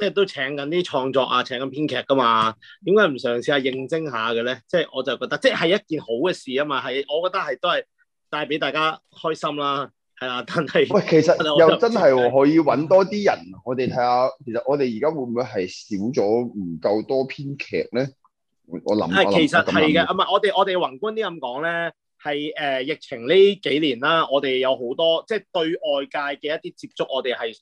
即係都請緊啲創作啊，請緊編劇噶嘛，點解唔嘗試下應徵下嘅咧？即係我就覺得，即係一件好嘅事啊嘛，係我覺得係都係帶俾大家開心啦，係啦。但係喂，其實又真係可以揾多啲人，我哋睇下，其實我哋而家會唔會係少咗唔夠多編劇咧？我我諗係其實係嘅，唔係我哋我哋宏觀啲咁講咧，係誒疫情呢幾年啦，我哋有好多即係對外界嘅一啲接觸，我哋係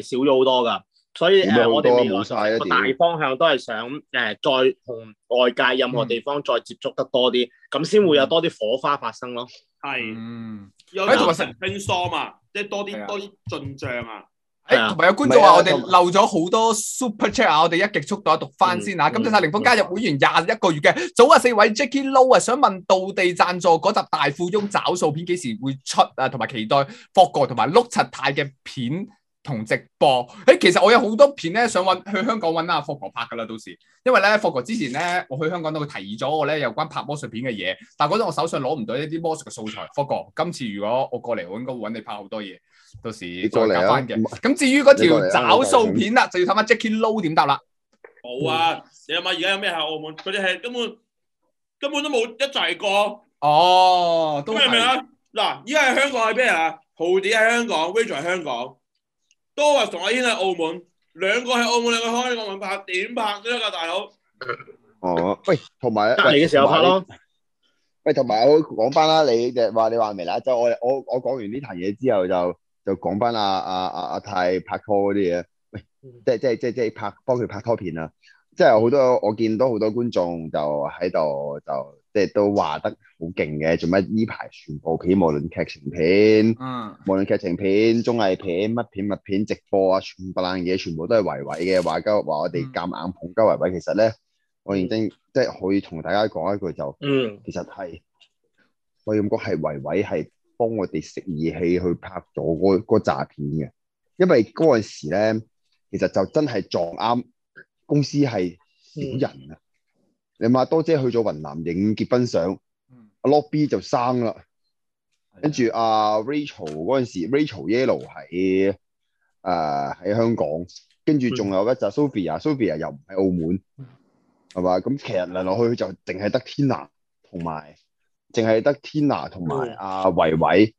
誒少咗好多噶。所以誒、呃，我哋未來大方向都係想誒、呃，再同外界任何地方再接觸得多啲，咁先、嗯、會有多啲火花發生咯。係，嗯，誒、啊，同埋神經疏嘛，即係、啊、多啲多啲進帳啊！誒、啊，同埋有觀眾話我哋漏咗好多 super chat 啊，我哋一極速度讀翻、嗯、先啊！咁請阿凌風加入會員廿一個月嘅，早啊四位 Jacky Lou 啊，想問道地贊助嗰集大富翁找數片幾時會出啊？同埋期待霍哥同埋陸柒泰嘅片。同直播，誒、欸，其實我有好多片咧，想去香港揾阿霍哥拍噶啦，到時，因為咧，霍哥之前咧，我去香港都會提議咗我咧，有關拍魔術片嘅嘢，但嗰陣我手上攞唔到一啲魔術嘅素材，霍哥，今次如果我過嚟，我應該會揾你拍好多嘢，到時再揀翻嘅。咁至於嗰條找數片啦，就要睇下 Jacky Lou 點答啦。冇啊，你諗下而家有咩喺澳門？佢哋係根本根本都冇一齊過。哦，都係咪啊？嗱、哦，依家喺香港係咩啊？Hoodie 喺香港，Rachel 喺香港。都話同阿軒喺澳門，兩個喺澳門兩個開澳門個銀拍點拍都得噶，大佬、呃。哦，喂，同埋隔離嘅時候拍咯。喂，同埋我講翻啦，你就話你話明嚟就我我我講完呢壇嘢之後就就講翻阿阿阿阿泰拍拖嗰啲嘢。喂、嗯，即即即即拍幫佢拍拖片啦。即係好多、嗯、我見到好多觀眾就喺度就。即係都話得好勁嘅，做乜呢排全部片無論劇情片，嗯，無論劇情片、綜藝片、乜片、乜片、直播啊，全部爛嘢，全部都係維維嘅。話鳩話我哋夾硬捧鳩維維，其實咧，我認真、嗯、即係可以同大家講一句就，嗯，其實係我用覺係維維係幫我哋識義氣去拍咗嗰嗰集片嘅，因為嗰陣時咧，其實就真係撞啱公司係少人啊。嗯你阿多姐去咗雲南影結婚相，阿、嗯、lobby 就生啦，跟住阿 Rachel 嗰陣時，Rachel Yellow 係誒喺香港，跟住仲有一扎 Sophia，Sophia 的又唔喺澳門，係嘛的？咁其實嚟落去就淨係得 Tina 同埋，淨係得 Tina 同埋阿維維，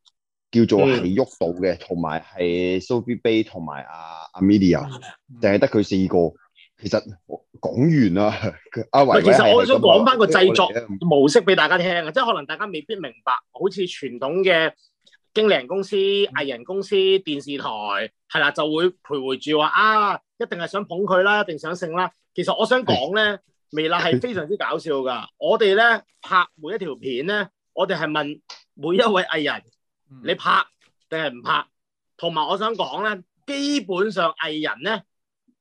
叫做係喐到嘅，同埋係的 Sophie Bay 同埋阿阿 Media，淨係得佢四個。其實講完啦，阿、啊、其實我想講翻個製作模式俾大家聽啊，即係可能大家未必明白，好似傳統嘅經理人公司、嗯、藝人公司、電視台係啦，就會徘徊住話啊，一定係想捧佢啦，一定想勝啦。其實我想講咧，微辣係非常之搞笑噶。 我哋咧拍每一條片咧，我哋係問每一位藝人，你拍定係唔拍？同埋、嗯、我想講咧，基本上藝人咧。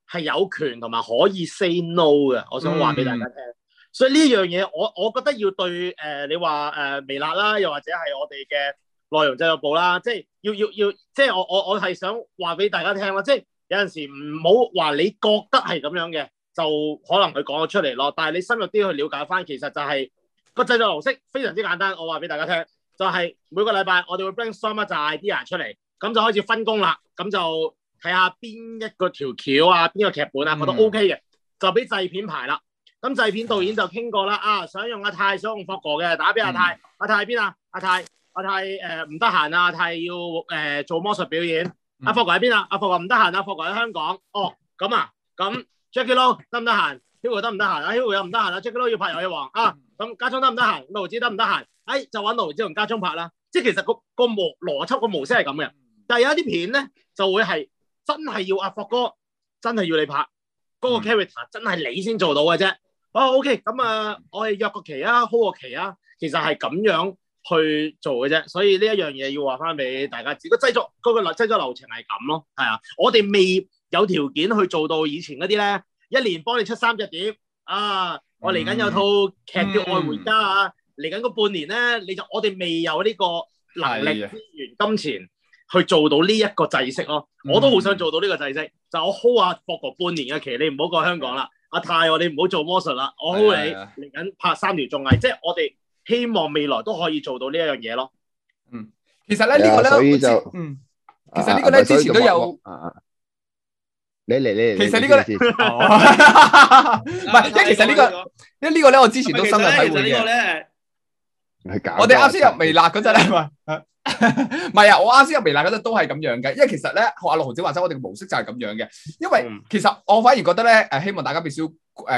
係有權同埋可以 say no 嘅，我想話俾大家聽。嗯、所以呢樣嘢，我我覺得要對誒、呃，你話誒、呃、微辣啦，又或者係我哋嘅內容製作部啦，即係要要要，即係我我我係想話俾大家聽啦。即係有陣時唔好話你覺得係咁樣嘅，就可能佢講咗出嚟咯。但係你深入啲去了解翻，其實就係、是、個製作流程非常之簡單。我話俾大家聽，就係、是、每個禮拜我哋會 bring some 一 idea 出嚟，咁就開始分工啦，咁就。睇下邊一個條橋啊，邊個劇本啊，我覺得 O K 嘅就俾製片排啦。咁製片導演就傾過啦，啊想用阿泰想用霍哥嘅，打俾阿泰，嗯、阿泰喺邊啊？阿泰，阿泰誒唔得閒啊，阿泰要誒、呃、做魔術表演。嗯、阿霍哥喺邊啊？阿霍哥唔得閒，阿霍哥喺香港。哦，咁啊，咁 Jacky Lou 得唔得閒？Hugo 得唔得閒？阿 Hugo 有唔得閒啊？Jacky Lou 要拍《遊戲王》啊，咁加裝得唔得閒？路子得唔得閒？哎，就搵路子同加裝拍啦。 即係其實個個模邏輯個的模式係咁嘅，但係有一啲片咧就會係。真係要阿、啊、霍哥，真係要你拍嗰、嗯、個 character，真係你先做到嘅啫。哦，OK，咁、嗯、啊，我係約個期啊 hold 個期啊。其實係咁樣去做嘅啫。所以呢一樣嘢要話翻俾大家知，這個製作嗰、這個製作流程係咁咯，係啊。我哋未有條件去做到以前嗰啲咧，一年幫你出三隻碟啊。我嚟緊有套劇叫《愛回家》嗯、啊，嚟緊嗰半年咧，你就我哋未有呢個能力資源的金錢，去做到呢一個制式咯，我都好想做到呢個制式。就我 hold 阿博哥半年嘅期，你唔好過香港啦，阿泰，我哋唔好做魔術啦，我 hold 你嚟緊拍三年綜藝，即係我哋希望未來都可以做到呢一樣嘢咯。嗯，其實咧呢個咧，嗯，其實呢個咧之前都有，你嚟，你嚟，其實呢個唔係，因為其實呢個，因為呢個咧我之前都深有體會嘅。我哋啱先入微辣嗰陣咧嘛。唔係 啊，我啱先入微辣嗰度都係咁樣嘅，因為其實咧，阿六毫子話齋我哋嘅模式就係咁樣嘅，因為其實我反而覺得咧，誒希望大家俾少少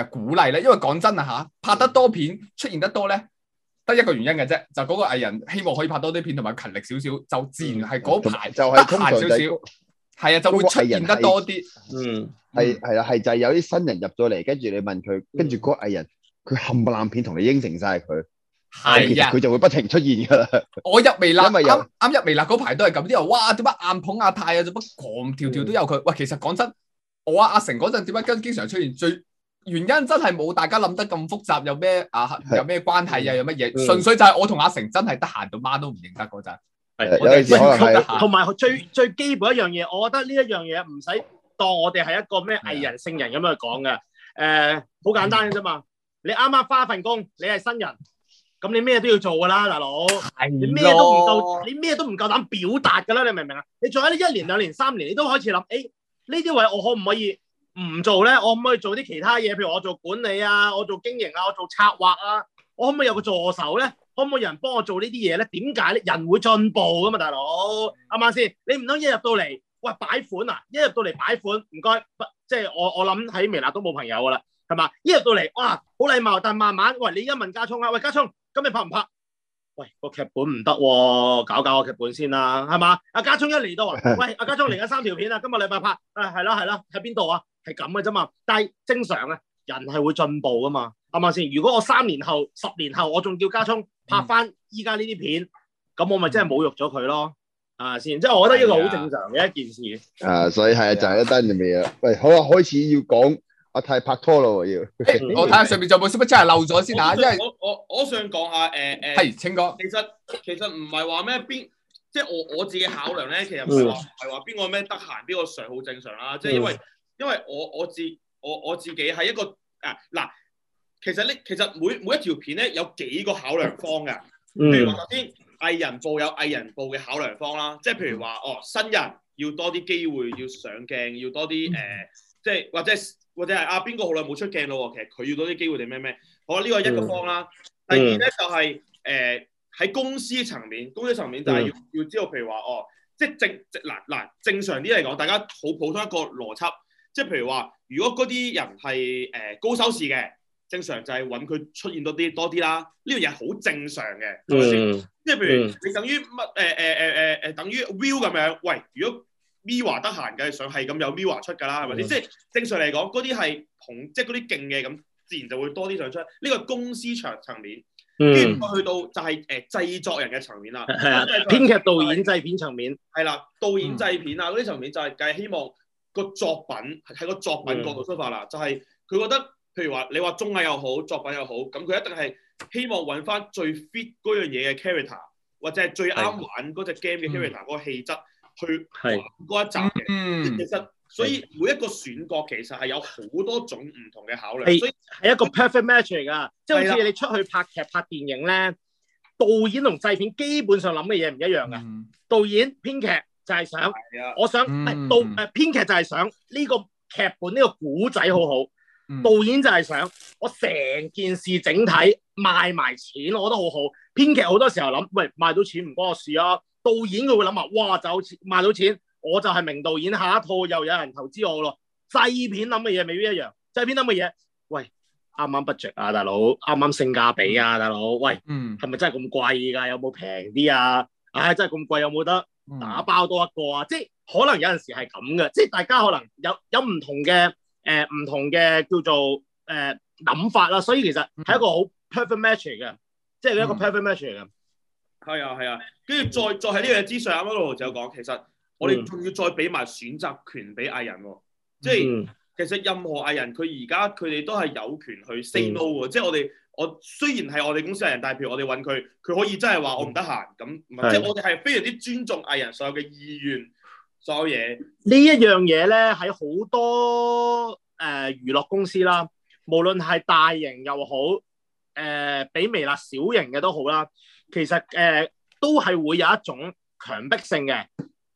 誒鼓勵咧，因為講真啊吓，拍得多片出現得多咧，得一個原因嘅啫，就嗰、是、個藝人希望可以拍多啲片，同埋勤力少少就自然係嗰排就係通常少少係啊，就會出現得多啲。嗯，係係啦，係就係有啲新人入咗嚟，跟住你問佢，跟住嗰個藝人佢冚唪唥片同你應承晒佢。係啊，佢就會不停出現噶。我入微辣咪啱啱入微辣嗰排都係咁啲人，哇！點解硬捧阿泰啊？做乜狂條條都有佢？喂、嗯，其實講真，我阿阿成嗰陣點解跟經常出現？最原因真係冇大家諗得咁複雜，有咩啊？有咩關係啊？有乜嘢？純、嗯、粹就係我同阿成真係得閒到媽都唔認得嗰陣。係、嗯，有啲們可能係。同埋最最基本一樣嘢，我覺得呢一樣嘢唔使當我哋係一個咩藝人聖、啊、人咁去講噶。誒、呃，好簡單嘅啫嘛。嗯、你啱啱花份工，你係新人。咁你咩都要做噶啦，大佬係。你咩都唔夠，你咩都唔夠膽表達噶啦，你明唔明啊？你做緊呢一年、兩年、三年，你都開始諗，誒呢啲位我可唔可以唔做咧？我可唔可以做啲其他嘢？譬如我做管理啊，我做經營啊，我做策劃啊，我可唔可以有個助手咧？可唔可以有人幫我做呢啲嘢咧？點解咧？人會進步噶嘛，大佬，啱唔啱先？你唔通一入到嚟，喂，擺款啊！一入到嚟擺款，唔該，即係我我諗喺微辣都冇朋友噶啦，係嘛？一入到嚟，哇，好禮貌，但係慢慢，喂，你而家問家聰啊，喂，家聰。咁你拍唔拍？喂，個劇本唔得喎，搞搞個劇本先啦，啊，係嘛？阿家聰一嚟到啊，喂，阿家聰嚟緊三條片啊， 今日禮拜拍、哎、啊，係咯係咯，喺邊度啊？係咁嘅啫嘛。但係正常啊，人係會進步噶嘛，係咪先？如果我三年後、十年後，我仲叫家聰拍翻依家呢啲片，咁、嗯、我咪真係侮辱咗佢咯，係咪、嗯啊、先？即係我覺得呢個好正常嘅一件事。啊，所以係、啊、就係一單就未嘢。喂，好啊，開始要講。太拍拖咯，我要， 我睇下上面有冇消息真係漏咗先啊，因為我我我想講下，誒誒，係，請、啊、講，其實其實唔係話咩邊，即係我我自己考量咧，其實唔係話唔係話邊個咩得閒，邊個上好正常啦，即係因為因為我我自我我自己係一個啊嗱，其實呢，其實每每一條片咧有幾個考量方㗎，譬如話嗰啲，藝人部有藝人部嘅考量方啦，即係譬如話哦新人要多啲機會，要上鏡，要多啲誒。呃即係或者或者係啊邊個好耐冇出鏡咯？其實佢要到啲機會定咩咩？好啦，呢個係一個方啦。嗯、第二咧就係誒喺公司層面，公司層面就係要、嗯、要知道，譬如話哦，即係正嗱嗱正，正常啲嚟講，大家好普通一個邏輯，即係譬如話，如果嗰啲人係誒、呃、高收視嘅，正常就係揾佢出現多啲多啲啦。呢樣嘢好正常嘅、嗯，即係譬如、嗯、你等於乜誒誒誒誒誒等於 view 咁樣。喂，如果 Mirror 得閒嘅相係咁有 Mirror 出㗎啦，係咪你即係正常嚟講，嗰啲係紅，即係嗰啲勁嘅咁，自然就會多啲相出。呢、這個公司層層面，轉、嗯、去到就係、是、誒、呃、製作人嘅層面啦，編劇、導演製、製片層面係啦，導演製片啊嗰啲層面就係、是、希望個作品喺個作品角度出發啦，嗯、就係佢覺得，譬如話你話綜藝又好，作品又好，咁佢一定係希望揾翻最 fit 嗰樣嘢嘅 character，或者係最啱玩嗰隻 game 嘅 character 嗰的個氣質。嗯去玩嗰是一集，嘅、嗯。其實所以每一個選角其實係有好多種唔同嘅考慮，是所以係一個 perfect match 嚟、啊、噶，即係好似你出去拍劇拍電影咧，導演同製片基本上諗嘅嘢唔一樣噶。嗯、導演編劇就係想，我想導誒編劇就係想呢個劇本呢個古仔好好，導演就係想我成件事整體賣埋錢，我覺得好好。編劇好多時候諗，喂，賣到錢唔關我事啊。導演佢會諗下，哇，賺錢賣到錢，我就係名導演，下一套又有人投資我咯。製片諗嘅嘢未必一樣，製片諗嘅嘢，喂，啱啱 budget 啊，大佬？啱啱性價比啊，大佬？喂，嗯，係咪真係咁貴㗎？有冇平啲啊？唉、哎，真係咁貴，有冇得打包多一個啊？嗯、即係可能有陣時係咁嘅，即係大家可能有有唔同嘅誒唔同嘅叫做誒諗、呃、法啦、啊，所以其實係一個好 perfect match 嘅，嗯、即係一個 perfect match 嚟嘅。係啊，係啊，跟住再再喺呢樣之上，啱啱老盧就有講，其實我哋仲要再俾埋選擇權俾藝人喎，嗯、即係其實任何藝人佢而家佢哋都係有權去 say no 喎，嗯、即係我哋我雖然係我哋公司藝人，但係譬如我哋揾佢，佢可以真係話我唔得閒咁，即係我哋係非常之尊重藝人所有嘅意願，所有嘢。呢一樣嘢咧，喺好多誒娛樂公司啦，無論係大型又好，誒、呃、比微辣小型嘅都好啦。其實誒、呃，都係會有一種強迫性嘅，誒、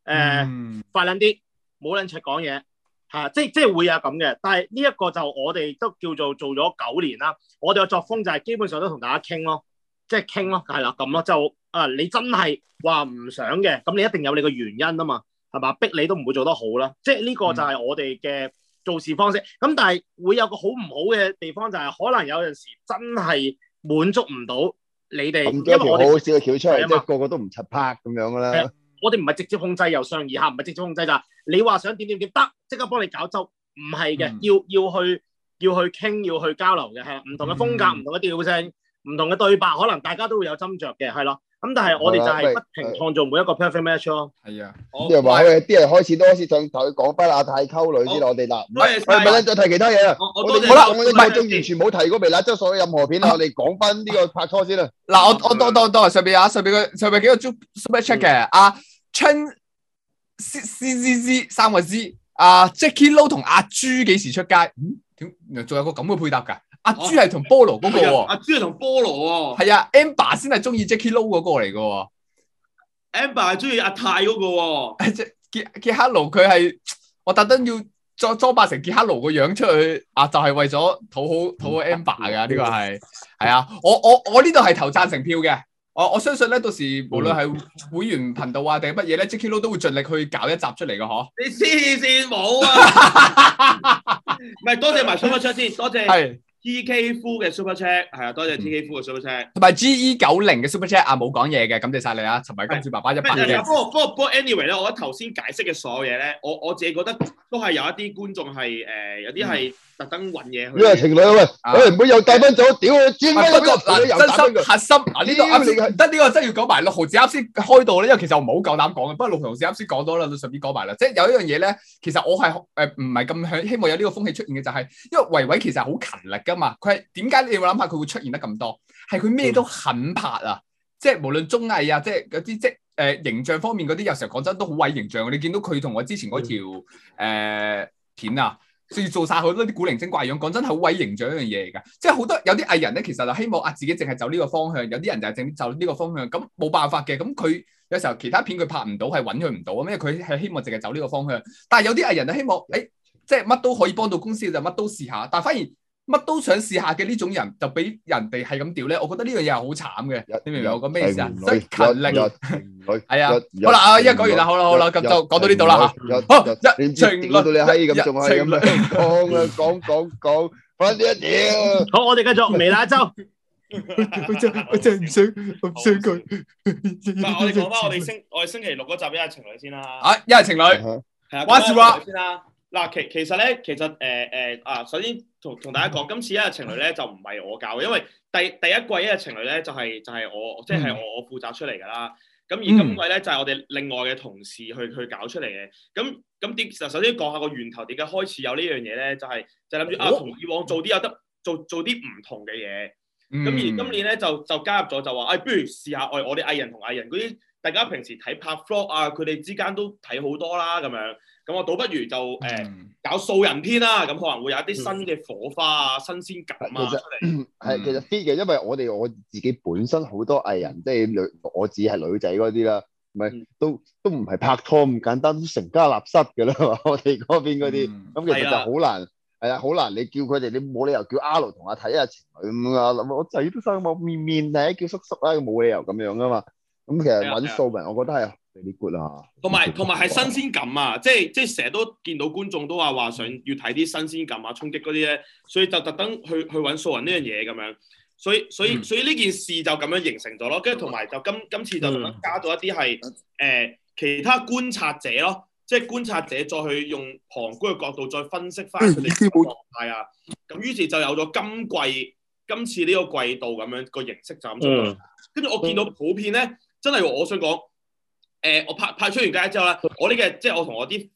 呃嗯、快捻啲，冇捻出講嘢吓，即係即係會有咁嘅。但係呢一個就我哋都叫做做咗九年啦。我哋嘅作風就係基本上都同大家傾咯，即係傾咯，係啦咁咯就啊，你真係話唔想嘅，咁你一定有你嘅原因啊嘛，係嘛，逼你都唔會做得好啦。即係呢個就係我哋嘅做事方式。咁、嗯、但係會有一個好唔好嘅地方就係，可能有陣時候真係滿足唔到你哋，因為我哋好少個橋出嚟啊嘛，個個都唔柒拍咁樣噶啦。我哋唔係直接控制由上而下，唔係直接控制咋。你話想點點點得，即刻幫你搞唔係嘅，嗯，要去要去要去要去交流嘅，唔同嘅風格，唔，嗯、同嘅調性，唔同嘅對白，可能大家都會有斟酌嘅，係咯。咁但係我哋就係不停創造每一個 perfect match 咯。係啊，啲人話佢，啲人開始都開始想同佢講翻阿泰溝女啲我哋啦。唔係，唔好再提其他嘢啊！我我好啦，我呢個仲完全冇提過未啦，即係所有任何片，我哋講翻呢個拍拖先啦。嗱，我我當當當上邊啊，上邊個上邊幾個 super check 嘅阿春 C C C 三個 C，阿 Jacky Lou 同阿朱幾時出街？嗯，點仲有個咁嘅配搭噶？阿朱係同菠蘿嗰、啊啊、個，阿朱係同菠蘿，係啊！amber 先係中意 Jacky Low 嗰個嚟噶，amber 係中意阿泰嗰個、啊啊，阿杰杰杰克盧佢係我特登要裝裝扮成杰克盧、啊就是啊、個樣出去，啊就係為咗討好討好 amber 噶，呢個係係啊！我我我呢度係投贊成票嘅，我我相信咧，到時無論係會員頻道啊定乜嘢咧，Jacky Low 都會盡力去搞一集出嚟噶。、啊，嗬。你黐線冇啊！唔係多謝埋上孖出先，多謝係。T.K. 夫嘅 Super Chat 係啊，多謝 T.K. 夫嘅 Super Chat，同埋 G.E. 九零嘅 Super Chat。還有 Super Chat，啊，冇講嘢嘅，感謝晒你啊，陳偉君，鼠爸爸一百嘅。不過不過不過，anyway 咧，我頭先解釋嘅所有嘢咧，我我自己覺得都係有一啲觀眾係誒，有啲係。嗯特登揾嘢，你係情侶喂？喂，唔好又帶翻咗，屌、啊！專門個嗱，真心核心嗱呢個得呢個真要講埋。六毫子啱先開到咧，因為其實我唔好夠膽講嘅，不過六毫子啱先講咗啦，都順便講埋啦。即係有一樣嘢咧，其實我係誒唔係咁希望有呢個風氣出現嘅，就係、是、因為維維其實好勤力噶嘛。佢係點解你會諗下佢會出現得咁多？係佢咩都肯拍啊！嗯、即係無論綜藝啊，即係嗰啲即誒形象方面嗰啲，有時候講真都好毀形象。你見到佢同我之前嗰條、嗯呃、片啊？所以做晒好多啲古靈精怪樣，講真係好毀形象一樣嘢嚟㗎。即係好多有啲藝人咧，其實就希望啊自己淨係走呢個方向，有啲人就係淨走呢個方向，咁冇辦法嘅。咁佢有時候其他片佢拍唔到，係揾佢唔到啊，因為佢係希望淨係走呢個方向。但係有啲藝人就希望，誒即係乜都可以幫到公司就乜都試下，但係反而。乜都想試下嘅呢種人，就俾人哋係咁屌咧，我覺得呢樣嘢係好慘嘅，你明唔明我講咩意思啊？即勤力，係啊，好啦，而家講完啦，好啦，好啦，咁就講到呢度啦嚇。一情侶，情侶，講啊，講講講，快啲啊屌！好，我哋繼續未啦，周。我真我真唔想唔想佢。唔係，我哋講翻我哋星我哋星期六嗰集俾阿情侶先啦。啊，一係情侶，係啊，關事啩？嗱，其其實咧，其實誒誒、呃、啊，首先同同大家講，今次一日情侶咧就唔係我搞嘅，因為第第一季一日情侶咧就係、是、就係、是、我，即係、嗯、我，我負責出嚟噶啦。咁而今季咧就係、是、我哋另外嘅同事去去搞出嚟嘅。咁咁點？其實首先講下個源頭點解開始有呢樣嘢咧，就係、是、就諗住啊，同以往做啲有得做做啲唔同嘅嘢。咁、嗯、而今年咧就就加入咗就話，誒、哎，不如試下我哋啲藝人同藝人嗰啲，大家平時睇拍 vlog 啊，佢哋之間都睇好多啦，咁樣。咁我倒不如就、欸、搞素人篇啦，咁可能會有一啲新嘅火花啊、新鮮感啊出嚟。係其實啲嘅，因為我哋我自己本身好多藝人，即係女，我只係女仔嗰啲啦，咪、嗯、都都唔係拍拖咁簡單，都成家立室㗎啦。我哋嗰邊嗰啲，咁、嗯、其實就好難，啊啊難，啊，好難你叫佢哋，你冇理由叫阿樂同阿泰下情侶咁啊。我仔都生我面面，你叫叔叔啊，冇理由咁樣噶嘛。咁其實揾素人、啊，啊、我覺得係。啊，同埋同埋係新鮮感啊，即係即係成日都見到觀眾都話話想要睇啲新鮮感啊，衝擊嗰啲咧，所以就特登去去揾素人呢樣嘢咁樣，所以所以所以呢件事就咁樣形成咗咯，跟住同埋就今今次就特登加咗一啲係誒其他觀察者咯，即係觀察者再去用旁觀嘅角度再分析翻佢哋嘅狀態啊，咁於 是就有咗今季今次呢個季度咁樣個形式就咁樣，跟住、嗯、我見到普遍咧，真係我想講。誒我拍拍出完街之後咧，我呢個即係我同我啲誒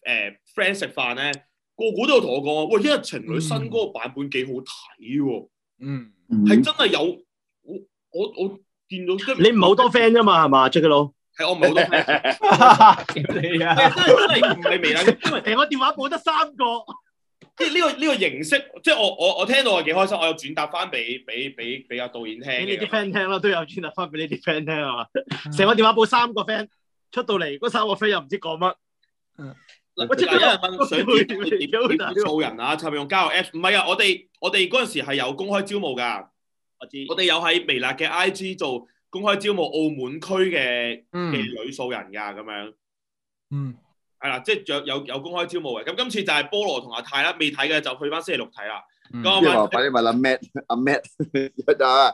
friend 食飯咧，個個都有同我講，喂，因為情侶新歌版本幾好睇喎，嗯，係真係有我我我見到你唔係好多 friend 啫嘛，係嘛？Jacky 佬，係我唔係好多 friend，你啊，真係你未啦，因為成個電話簿得三個，即係呢個呢個形式，即係我我我聽到我幾開心，我有轉達翻俾俾俾俾阿導演聽，俾你啲 friend 聽啦，都有轉達翻俾你啲 friend 聽啊嘛，成個電話簿三個 friend。出到嚟嗰三個 friend 又唔知講乜。嗯。嗱，即係嗰日問水邊點點點素人啊？係咪用交友 app？唔係啊，我哋我哋嗰陣時係有公開招募噶。我知。我哋有喺微辣嘅 IG 做公開招募澳門區嘅妓女素人噶，咁樣。嗯。係啦，即係著有有公開招募嘅。咁今次就係菠蘿同阿泰啦，未睇嘅就去翻星期六睇啦。咁我問快啲問阿 Matt，阿 Matt 一陣啊。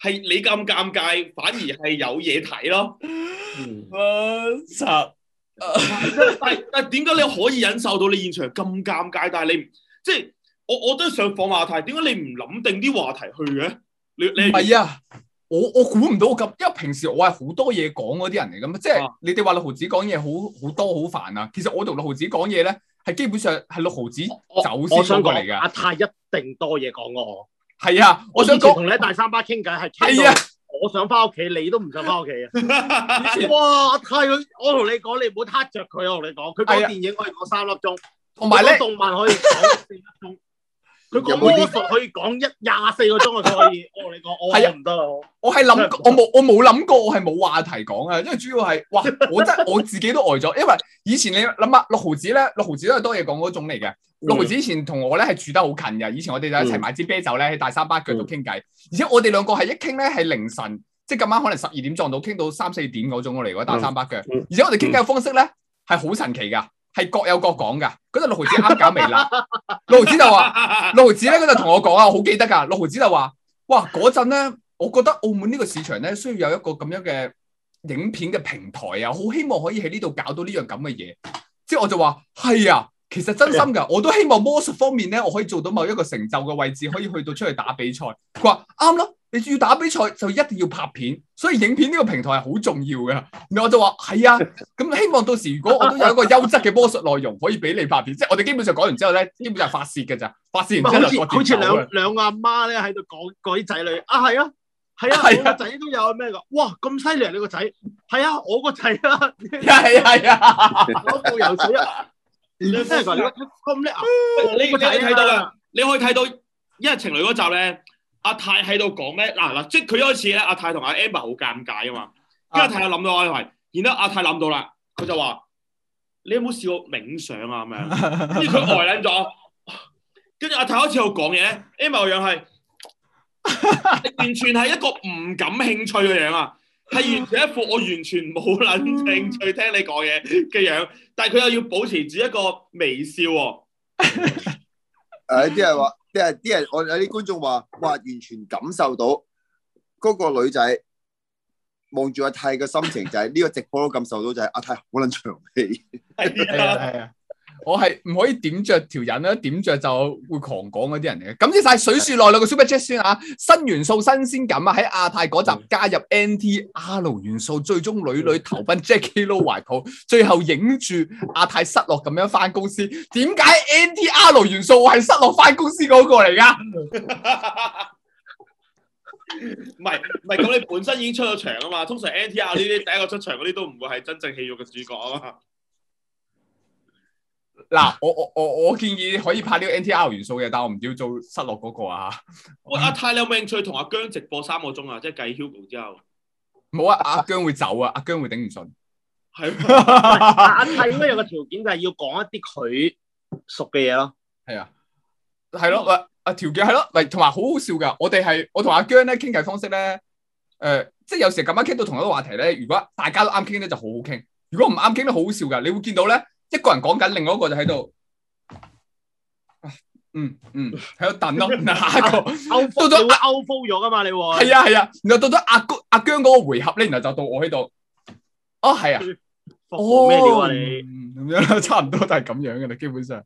係你咁尷尬，反而係有嘢睇咯。乜、嗯、 但係點解你可以忍受到你現場咁尷尬？但係你即係我我都想放話題，點解你唔諗定啲話題去嘅？你你唔係啊？我我估唔到咁，因為平時我係、就是、好，好多嘢講嗰啲人嚟噶嘛。即係你哋話六毫子講嘢好好多好煩啊。其實我同六毫子講嘢咧，係基本上係六毫子走先過嚟㗎。阿泰一定多嘢講我。係啊，我想同你大三巴傾偈，係傾到，我想翻屋企，你都唔想翻屋企啊！哇，阿泰我同你講，你唔好撻着佢，我同你講，佢講電影可以講三粒鐘，同埋咧，講動漫可以講四粒鐘。 佢講嘢熟可以講一廿四個鐘。 啊！佢可以我同你講我係唔得咯，我係諗我冇我冇諗過我係冇話題講啊！因為主要係哇，我真我自己都呆咗，因為以前你諗下，六毫子咧，六毫子都係多嘢講嗰種嚟嘅。嗯、六毫子以前同我咧係住得好近嘅，以前我哋就一齊買支啤酒咧喺大三巴腳度傾偈，嗯、而且我哋兩個係一傾咧係凌晨，即、就、係、是、今晚可能十二點撞到傾到三四點嗰種嚟嘅大三巴腳，嗯嗯、而且我哋傾偈嘅方式咧係好神奇㗎。係各有各講噶，嗰陣六毫子啱搞未啦？六毫 子就話，六毫子咧，佢就同我講啊，我好記得噶。六毫子就話，哇，嗰陣咧，我覺得澳門呢個市場咧，需要有一個咁樣嘅影片嘅平台啊，好希望可以喺呢度搞到呢樣咁嘅嘢。即係我就話，係啊，其實真心噶，啊、我都希望魔術方面咧，我可以做到某一個成就嘅位置，可以去到出去打比賽。佢話啱咯。你要打比賽就一定要拍片，所以影片呢個平台係好重要嘅。然後我就話係啊，咁希望到時如果我都有一個優質嘅魔術內容可以俾你拍片，即係我哋基本上講完之後咧，基本就係發泄嘅咋，發泄完之後我。好似兩兩個阿媽咧喺度講嗰啲仔女啊，係啊，係啊，個仔、啊、都有咩噶？哇、啊，咁犀利！你個仔係啊，我個仔啊，係啊，攞布游水啊，你咁叻啊？你個仔睇到嘅，你可以睇到因為情侶嗰集咧。阿泰喺度講咩？嗱、啊、嗱、啊，即係佢一開始咧，阿泰同阿 Emma 好尷尬啊嘛。跟住太下諗到係咪？然後阿泰諗到啦，佢就話：你有冇試過冥想啊？咁樣，跟住佢呆諗咗。跟住阿泰開始度講嘢，Emma 個樣係完全係一個唔感興趣嘅樣啊，係完全一副我完全冇諗興趣聽你講嘢嘅樣，但係佢又要保持住一個微笑喎、哦。誒、 哎，即係話。啲人啲人，我有啲觀眾話，哇！完全感受到嗰個女仔望住阿泰嘅心情， 就係呢個直播都感受到，就係、是、阿泰好撚長氣。係啊係啊。 我係唔可以點着條人啦，點着就會狂講嗰啲人嚟嘅。咁先晒水樹內奈嘅 super chat 先吓，新元素新鮮感啊！喺阿泰嗰集加入 NTR 元素，最終屢屢投奔 Jacky Lou 懷抱，最後影住阿泰失落咁樣翻公司。點解 NTR 元素我係失落翻公司嗰個嚟噶？唔係唔係，咁你本身已經出咗場啊嘛？通常 NTR 呢啲第一個出場嗰啲都唔會係真正戲肉嘅主角啊嘛。嗱，我我我我建議可以拍呢個 NTR 元素嘅，但係我唔要做失落嗰個啊。喂、啊，阿、啊、泰，你有冇興趣同阿姜直播三個鐘啊？即係計 Hugo 之後。冇啊，阿、啊、姜會走啊，阿姜會頂唔順。係阿泰應該有個條件，就係要講一啲佢熟嘅嘢咯。係啊，係咯，喂，阿條件係咯，喂，同埋好好笑噶。我哋係我同阿姜咧傾偈方式咧，誒、呃，即係有時咁樣傾到同一個話題咧，如果大家都啱傾咧就好好傾；如果唔啱傾咧好好笑噶。你會見到咧。一個人講緊，另外一個就喺度，嗯嗯，喺度等咯。下一個到咗歐風咗㗎嘛，你係啊係啊。然後到咗阿姜阿姜嗰個回合咧，然後就到我喺度。哦，係啊，哦，咁樣差唔多就係咁樣嘅啦，基本上。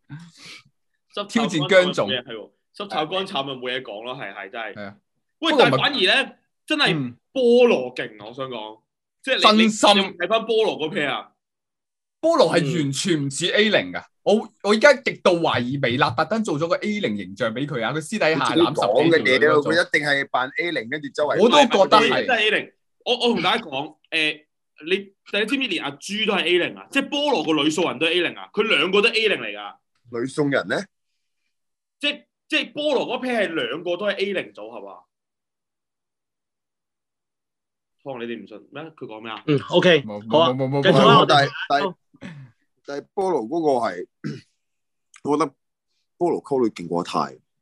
挑戰姜總係濕炒乾炒咪冇嘢講咯，係係真係。係啊，喂，但係反而咧，真係菠蘿勁，我想講，即係你你睇翻菠蘿嗰 pair 啊。菠蘿係完全唔似 A 零噶，我我而家極度懷疑薇娜特登做咗個 A 零形象俾佢啊！佢私底下攬手幾，我講嘅嘢咧，佢一定係扮 A 零，跟住周圍我都覺得係真係 A 零。我我同大家講，誒，你大知唔知連阿 G 都係 A 零啊？即係菠蘿個女素人都 A 零啊！佢兩個都 A 零嚟噶。女素人咧，即即菠蘿嗰 p a i 係兩個都係 A 零組合喎。當你哋唔信咩？佢講咩啊？o k 好啊，繼續啦，但係菠蘿嗰個係，我覺得菠蘿溝女勁過泰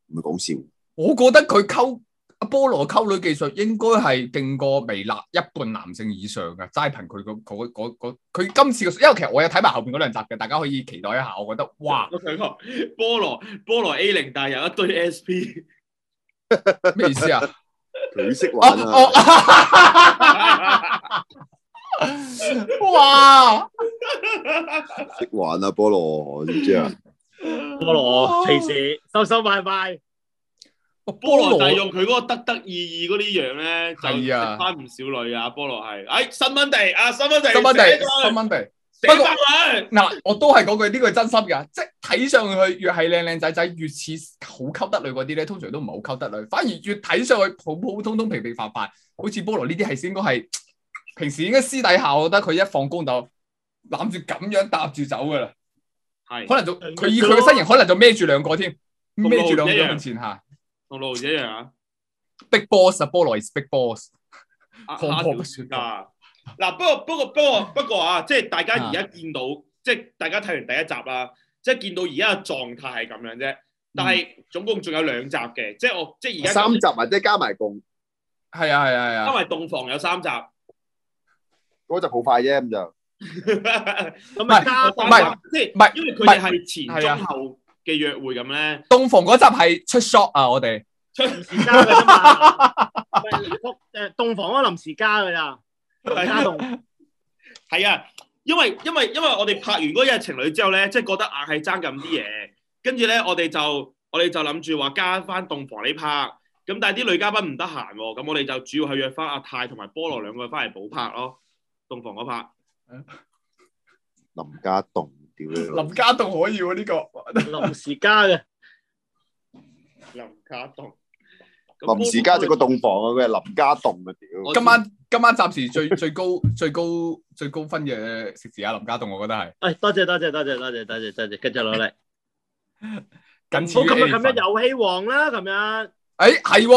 唔係講笑。我覺得佢溝阿菠蘿溝女技術應該係勁過微辣一半男性以上嘅。齋憑佢個佢今次嘅，因為其實我有睇埋後邊嗰兩集嘅，大家可以期待一下。我覺得哇，菠蘿菠蘿 A 零，但係有一堆 SP，咩 意思啊？佢識玩、啊哦哦 哇！識 玩啊，菠蘿知唔知啊？菠蘿平時收收埋埋，菠蘿羅就用佢嗰個得得意意嗰啲樣咧，啊、就慳唔少女啊！菠蘿係，哎，新蚊地，阿新蚊地，新蚊地，新蚊地，不過嗱，我都係講句呢句、這個、真心噶，即係睇上去越係靚靚仔仔，越似好溝得女嗰啲咧，通常都唔好溝得女，反而越睇上去普普通通平平凡凡，凡，好似菠蘿呢啲係先應該係。平時應該私底下，我覺得佢一放工就攬住咁樣搭住走噶啦是，係可能就，佢以佢嘅身形，可能就孭住兩個添，孭住兩個向前行，同路一樣啊 ！Big balls，波 ball 羅是 big balls，阿嗱，不過不過不過不過啊，即係大家而家見到，即係、啊、大家睇完第一集啦，即係見到而家嘅狀態係咁樣啫。但係總共仲有兩集嘅，即係我即係而家三集啊，即係加埋共係啊係啊係啊，因為洞房有三集。嗰集好快啫，咁就唔係，唔係是，即係唔係，因為佢哋係前中後嘅約會咁咧。洞房嗰集係出 shop 啊，我哋出臨時加嘅啫嘛，誒洞房啊臨時加嘅咋？係加洞，係 啊，因為因為因為我哋拍完嗰日情侶之後咧，即係覺得硬係爭咁啲嘢，跟住咧我哋就我哋就諗住話加翻洞房你拍，咁但係啲女嘉賓唔得閒喎，咁我哋就主要係約翻阿泰同埋菠蘿兩個翻嚟補拍咯。洞房拍，林家棟屌林家棟可以喎呢個林時加嘅林家棟，臨時加咗個洞房啊，佢係林家棟啊屌！今晚今晚暫時最最高 最高最高分嘅食字啊，林家棟我覺得係，哎多謝多謝多謝多謝多謝多謝，繼續努力，好咁 啊咁樣遊戲王啦咁樣，哎係。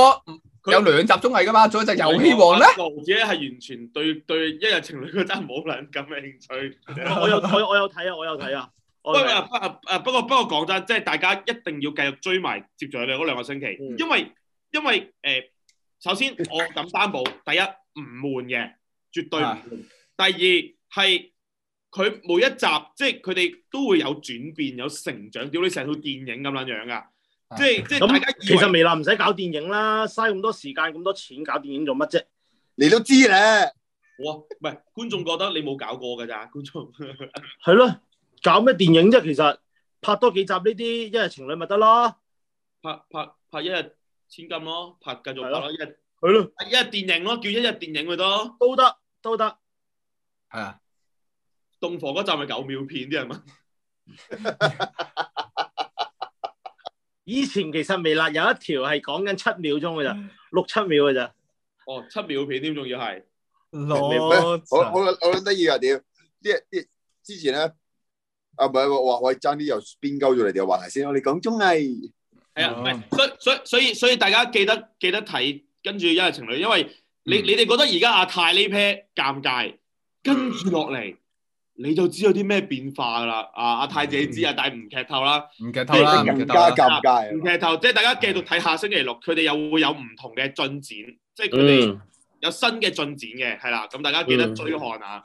他有兩集綜藝噶嘛，仲有一集遊戲王咧。王者係完全對對一日情侶真係冇兩咁嘅興趣。 我有我有睇啊，我有睇啊。我啊不過不過不過講真，即係、就是、大家一定要繼續追埋，接住佢哋嗰兩個星期，嗯、因為因為誒、呃，首先我敢擔保，第一唔悶嘅，絕對唔悶。啊、第二係佢每一集，即係佢哋都會有轉變，有成長，屌你成套電影咁撚樣噶。即係即係，咁其實微辣唔使搞電影啦，嘥咁多時間咁多錢搞電影做乜啫？你都知咧，哇唔係觀眾覺得你冇搞過噶咋？觀眾係咯，搞咩電影啫？其實拍多幾集呢啲一日情侶咪得咯，拍拍拍一日千金咯，拍繼續拍咯一日，係咯，一日電影咯，叫一日電影佢都都得都得，係啊，洞房嗰集咪九秒片啲係咪。以前其實微辣，有一條係講緊七秒鐘嘅咋，六七秒嘅咋。哦，七秒片添，仲要係，我我我得意啊！屌，啲啲之前咧，啊唔係，我我我爭啲又變鳩咗你哋話題先，我哋講綜藝。係啊，唔係，所以所以所以所以大家記得記得睇，跟住一係情侶，因為你你哋覺得而家阿泰呢 pair 尷尬，跟住落嚟，你就知道啲咩變化噶啦，啊，阿太姐知啊，但係唔劇透啦，唔劇透啦，唔劇透，唔劇透，即係大家繼續睇下星期六，佢哋又會有唔同嘅進展，即係佢哋有新嘅進展嘅，係啦，咁大家記得追看啊，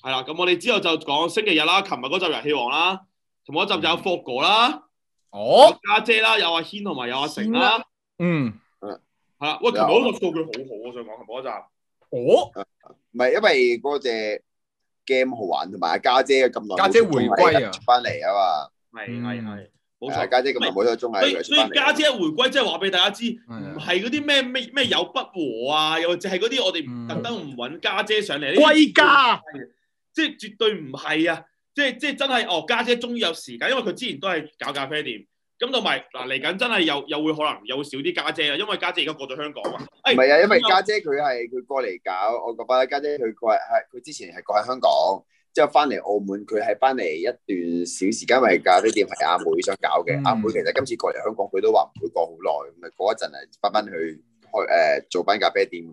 係啦，咁我哋之後就講星期日啦，琴日嗰集《遊戲王》啦，同埋嗰集就有霍哥啦，哦，家姐啦，有阿軒同埋有阿成啦，嗯，係啦，喂，琴日嗰個數據好好啊，我想講，同埋嗰集，哦，唔係，因為嗰隻。game 好玩，同埋阿家姐咁耐，家姐回歸啊，翻嚟啊嘛，係係係，冇晒。家姐咁耐冇咗個鐘喺，所以家姐回歸，即係話俾大家知，唔係嗰啲咩咩咩有不和啊，又或者係嗰啲我哋特登唔揾家姐上嚟。歸家，即係絕對唔係啊！即係即係真係哦，家姐終於有時間，因為佢之前都係搞咖啡店。咁同埋嗱嚟緊真係又又會可能有少啲家姐啊，因為家姐而家過咗香港啊，唔係啊，因為家姐佢係佢過嚟搞，我覺得家姐佢過係佢之前係過喺香港，之後翻嚟澳門，佢係翻嚟一段小時間，咪咖啡店係阿妹，妹想搞嘅，阿、嗯、妹其實今次過嚟香港，佢都話唔會過好耐，咁咪過一陣啊，翻返去開誒做翻咖啡店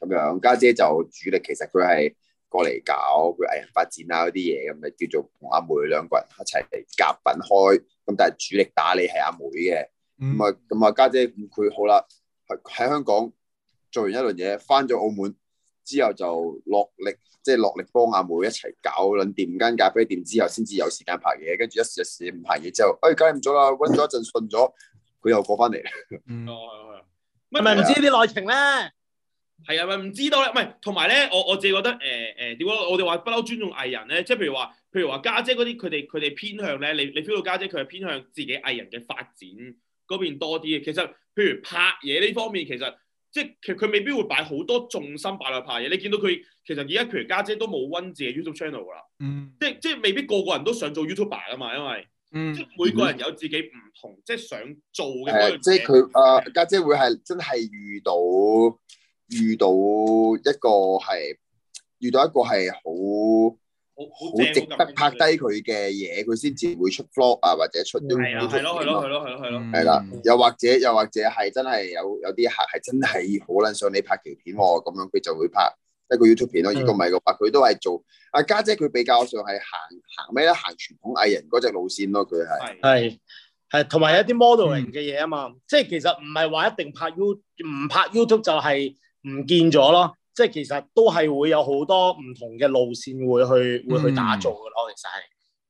咁樣，家姐，姐就主力，其實佢係過嚟搞佢藝人發展啊嗰啲嘢咁咪叫做同阿妹兩個人一齊嚟夾份開。咁但係主力打理係阿妹嘅，咁啊咁啊家姐，佢好啦，喺香港做完一輪嘢，翻咗澳門之後就落力，即係落力幫阿妹一齊搞兩間咖啡店之後，先至有時間拍嘢，跟住一時一時唔拍嘢之後，哎，梗係唔做啦，搵咗一陣信咗，佢又過翻嚟，咪咪唔知啲內情咧，係啊，咪唔知道咧，唔係，同埋咧，我我自己覺得，誒、呃、誒，點、呃、解，我哋話不嬲尊重藝人咧，即係譬如話。譬如話家姐嗰啲，佢哋佢哋偏向咧，你你 feel 到家姐佢係偏向自己藝人嘅發展嗰邊多啲嘅。其實譬如拍嘢呢方面，其實即係佢佢未必會擺好多重心擺落拍嘢。你見到佢其實而家譬如家姐都冇温字 YouTube channel 噶啦，即係即係未必個個人都想做 YouTuber 噶嘛，因為、嗯、即係每個人有自己唔同、嗯、即係想做嘅。即係佢啊家姐會係真係遇到遇到一個係遇到一個係好。好值得拍低佢嘅嘢，佢先至會出 vlog 啊，或者出 YouTube 片咯。係的啊，係咯，係咯，係咯，係咯，係啦、嗯，又或者又或者係真係有有啲客係真係好能想你拍條片喎，咁、哦、樣佢就會拍一個 YouTube 片咯、啊。的如果唔係嘅話，佢都係做。阿家姐佢比較上係行行咩咧？行傳統藝人嗰隻路線咯、啊，佢係係係同埋有啲 modeling 嘅嘢啊嘛。嗯、即係其實唔係話一定拍 You 唔拍 YouTube 就係唔見咗咯。即係其實都係會有好多唔同嘅路線會去、嗯、會去打造嘅咯，其實係。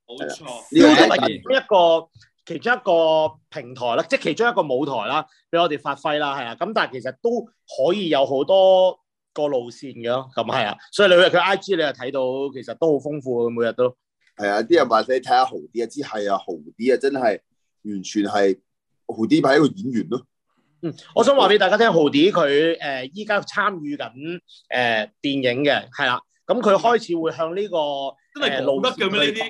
冇錯、嗯，呢的個都係等一個其中一個平台啦，即係其中一個舞台啦，俾我哋發揮啦，係啊。咁但係其實都可以有好多個路線嘅咯，咁係啊。所以你佢 I G 你就睇到，其實都好豐富嘅，每日都。係啊，啲人話你睇下紅啲啊，知係啊，紅啲啊，真係完全係紅啲，係一,一個演員咯。嗯、我想話俾大家聽，豪迪佢誒依家參與緊誒、呃、電影嘅，係啦，咁佢開始會向呢、呢個誒講、呃、得嘅咩呢啲，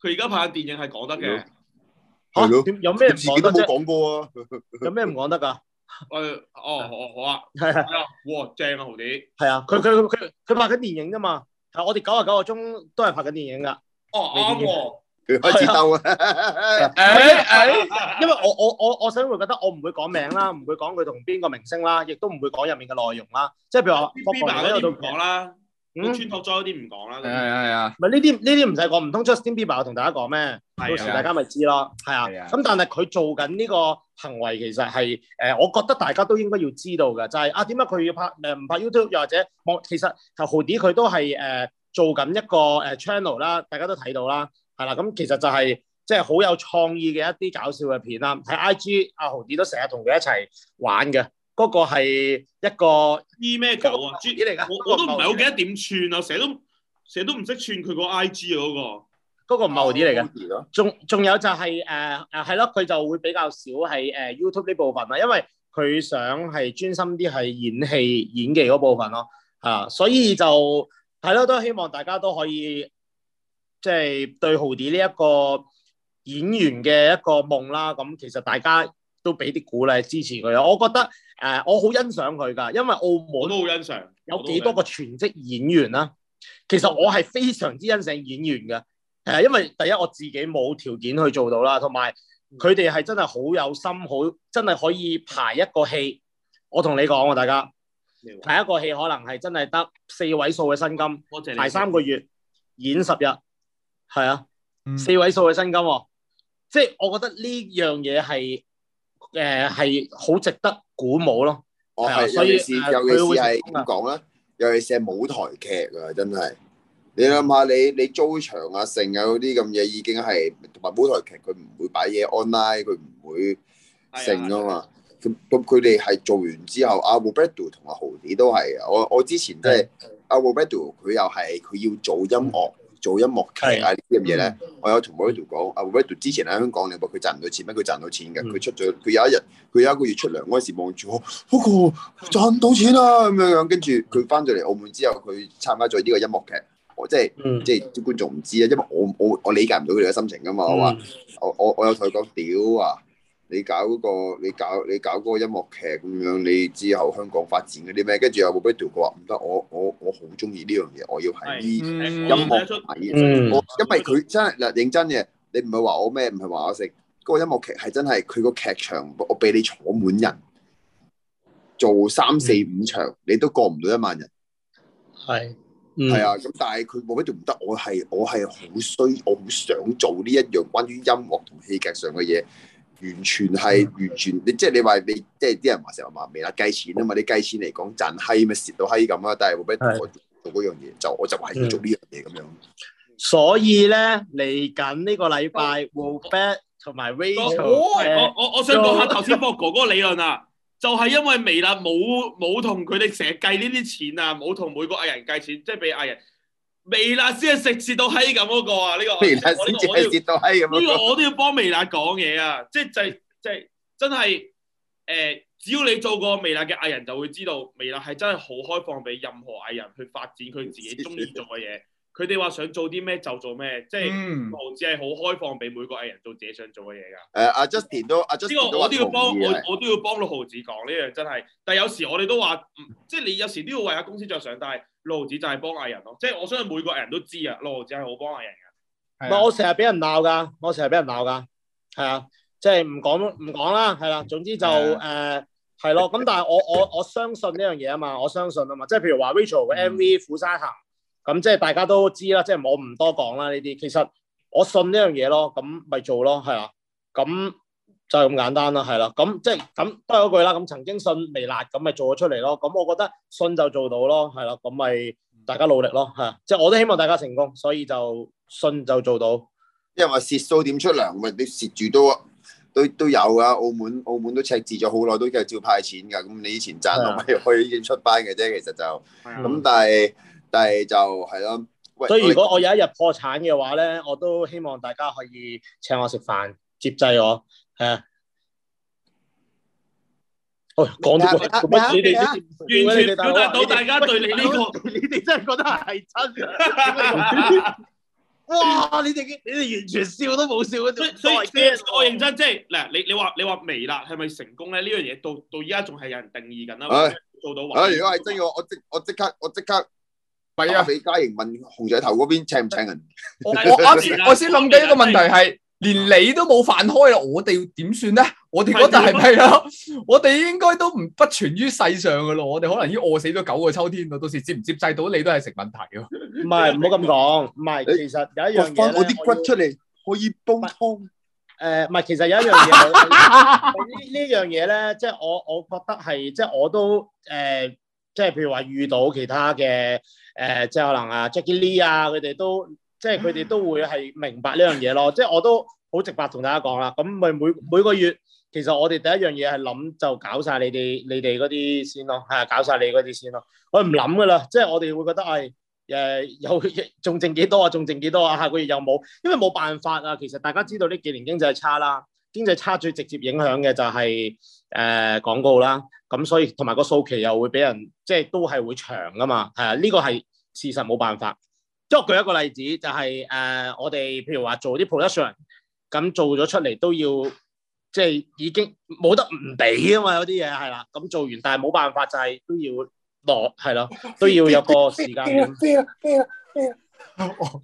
佢而家拍嘅電影係講得嘅嚇，點、啊、有咩唔講得？自己都冇講過啊， 有咩唔講得㗎？誒、哎，哦，好，好啊，係係的，哇，正啊，豪迪。係、哦、啊，佢佢佢佢拍緊電影啫嘛，係我哋九啊九個鐘都係拍緊電影㗎，哦啱喎。佢開始鬥啊！係，因為我我我我想會覺得我唔會講名啦，唔會講佢同邊個明星啦，亦都唔會講入面嘅內容啦。即係譬如話，Bieber 喺度講啦，嗯，穿國裝嗰啲唔講啦。係啊係啊，唔係呢啲，呢啲唔使講，唔通 Justin Bieber 我同大家講咩？到時大家咪知咯。係啊，咁但係佢做緊呢個行為其實係誒，我覺得大家都應該要知道嘅就係啊，點解佢要拍唔拍 YouTube 又或者？其實，其實 Hoodie 佢都係誒做緊一個誒 channel 啦，大家都睇到啦。嗱咁，其實就係即係好有創意嘅一啲搞笑嘅片啦。喺 IG，阿豪子都成日同佢一齊玩嘅。嗰、嗰個係一個 E 咩狗啊？G 嚟㗎。我我都唔係好記得點串啊，成日都成日都唔識串佢個 IG 啊嗰個。嗰個唔係豪子嚟嘅。仲仲有就係誒誒係咯，佢、呃、就會比較少係誒 YouTube 呢部分啦，因為佢想係專心啲係演戲演技嗰部分咯。啊，所以就係咯，都希望大家都可以。即係對豪迪呢一個演員嘅一個夢啦，咁其實大家都俾啲鼓勵支持佢啊！我覺得誒、呃，我好欣賞佢㗎，因為澳門都好欣賞，有幾多個全職演員啦。其實我係非常之欣賞演員㗎，誒、呃，因為第一我自己冇條件去做到啦，同埋佢哋係真係好有心，好真係可以排一個戲。我同你講喎，大家排一個戲可能係真係得四位數嘅薪金，謝謝排三個月演十日。係啊，四位數嘅薪金，即係我覺得呢樣嘢係誒係好值得鼓舞咯。所以尤其是尤其是係點講咧？尤其是係舞台劇啊，真係。你諗下，你你租場啊、剩啊嗰啲咁嘢已經係，同埋舞台劇佢唔會擺嘢 online，佢唔會剩㗎嘛。咁咁佢哋係做完之後，阿 Roberto 同阿豪子都係。我我之前即係阿 Roberto，佢又係佢要做音樂。做音樂劇啊，呢樣嘢咧，我有同 r a 我啲條講，阿威迪之前喺香港你話，佢賺唔到錢，咩？佢賺到錢嘅，佢、嗯、出咗，佢有一日，佢有一個月出糧嗰陣時望住我，o, 不過賺唔到錢啦咁樣樣，跟住佢翻咗嚟澳門之後，佢參加咗呢個音樂劇，我、就是嗯、即係即係啲觀眾唔知啊，因為我我我理解唔到佢哋嘅心情噶嘛，我話、嗯、我我我有同佢講，屌啊！你搞個個，你搞你搞個音樂劇咁樣，你之後香港發展嗰啲咩？跟住有冇俾條哥話唔得？我我我好中意呢樣嘢，我要係音樂，嗯、因為佢真係嗱，認真嘅，你唔係話我咩？唔係話我食嗰、嗰個音樂劇係真係佢個劇場，我俾你坐滿人，做三四五場，嗯、你都過唔到一萬人。係，係、嗯、啊，咁但係佢冇乜做唔得，我係我係好衰，我好想做呢一樣關於音樂同戲劇上嘅嘢。完全係完全，你即係你話你即係啲人話成日話微辣計錢啊嘛，你計錢嚟講賺閪咪蝕到閪咁啊！但係冇俾我做嗰樣嘢，就我就話要做呢樣嘢咁樣。所以咧，嚟緊呢個禮拜，Wolbert 同埋 Rachel，我我我想講下頭先霍哥哥理論啊，就係因為微辣冇冇同佢哋成日計呢啲錢啊，冇同每個藝人計錢，即係俾藝人。微辣先係食蝕到閪咁嗰個啊！呢、呢個呢個我都要幫微辣講嘢啊！即係就係、就係、真係誒、呃，只要你做過微辣嘅藝人，就會知道微辣係真係好開放俾任何藝人去發展佢自己中意做嘅嘢。佢哋話想做啲咩就做咩，即係毫子係好開放俾每個藝人做自己想做嘅嘢噶。誒、啊，阿 Justin 都，阿 Justin 都，呢個我都要幫，我、啊啊、我都要幫六毫子講呢樣真係。但係有時我哋都話、嗯，即係你有時都要為下公司着想，但係。路子就係幫藝人咯，即係我相信每個人都知啊，路子係好幫藝人嘅。係我成日俾人鬧噶，我成日俾人鬧噶。係啊，即係唔講唔講啦，係啦、啊，總之就誒係咯。咁、啊呃啊、但係我 我我相信呢樣嘢啊嘛，我相信啊嘛。即係譬如話 Rachel 嘅 MV《釜山行》，咁即係大家都知啦，即係我唔多講啦呢啲。其實我信呢樣嘢咯，咁咪做咯，係啊，咁。就係咁簡單啦，係啦，咁即係咁都係嗰句啦。咁曾經信微辣，咁咪做咗出嚟咯。咁我覺得信就做到咯，係啦，咁咪大家努力咯嚇。即係我都希望大家成功，所以就信就做到。因為話蝕數點出糧，咪你蝕住都都都有噶。澳門澳門都赤字咗好耐，都係照派錢噶。咁你以前賺，咪可以出班嘅啫。的其實就咁，但係、嗯、但係就係、是、咯。所以如果我有一日破產嘅話咧，我都希望大家可以請我食飯，接濟我。誒，好講、啊、你、啊你，啊你，啊、你完全表達到大家對你呢、這個，你哋真係覺得係真嘅。哇、啊！你哋你哋完全笑都冇笑我，認真，即係嗱，你你話你話微辣，係咪成功咧？呢樣嘢到到依家仲係有人定義緊啦。啊、做到，哎、啊，如果係真嘅，我即我即刻我即刻打畀嘉瑩問紅仔頭嗰邊請唔請人？我 我啱先我先諗緊一個問題係。連你都冇飯開啦，我哋點算咧？我哋嗰陣係咪咯？我哋應該都唔不存於世上嘅咯，我哋可能已經餓死咗九個秋天咯。到時接唔接濟到你都係食問題咯。唔係唔好咁講，唔係你其實有一樣嘢我啲骨我要出嚟可以煲湯。誒、呃，唔係其實有一樣嘢呢？呢 樣嘢咧，即係我我覺得係，即係我都誒、呃，即係譬如話遇到其他嘅誒、呃，即係可能啊 Jacky Lee 啊，佢哋都。即係佢哋都會係明白呢樣嘢咯，即係我都好直白同大家講啦。咁咪每每個月，其實我哋第一樣嘢係諗就搞晒你哋你哋嗰啲先咯，係啊，搞晒你嗰啲先咯。我唔諗噶啦，即係我哋會覺得係誒有仲剩幾多啊，仲剩幾多啊？下個月又冇，因為冇辦法啊。其實大家知道呢幾年經濟差啦，經濟差最直接影響嘅就係誒廣告啦。咁所以同埋個數期又會俾人即係都係會長噶嘛，係啊，呢個係事實，冇辦法。即係舉一個例子，就係、是、誒、呃、我哋譬如話做啲 production 咁做咗出嚟都要，即係已經冇得唔俾啊嘛！有啲嘢係啦，咁做完但係冇辦法，就係、是、都要落係咯，都要有個時間表、 呃。我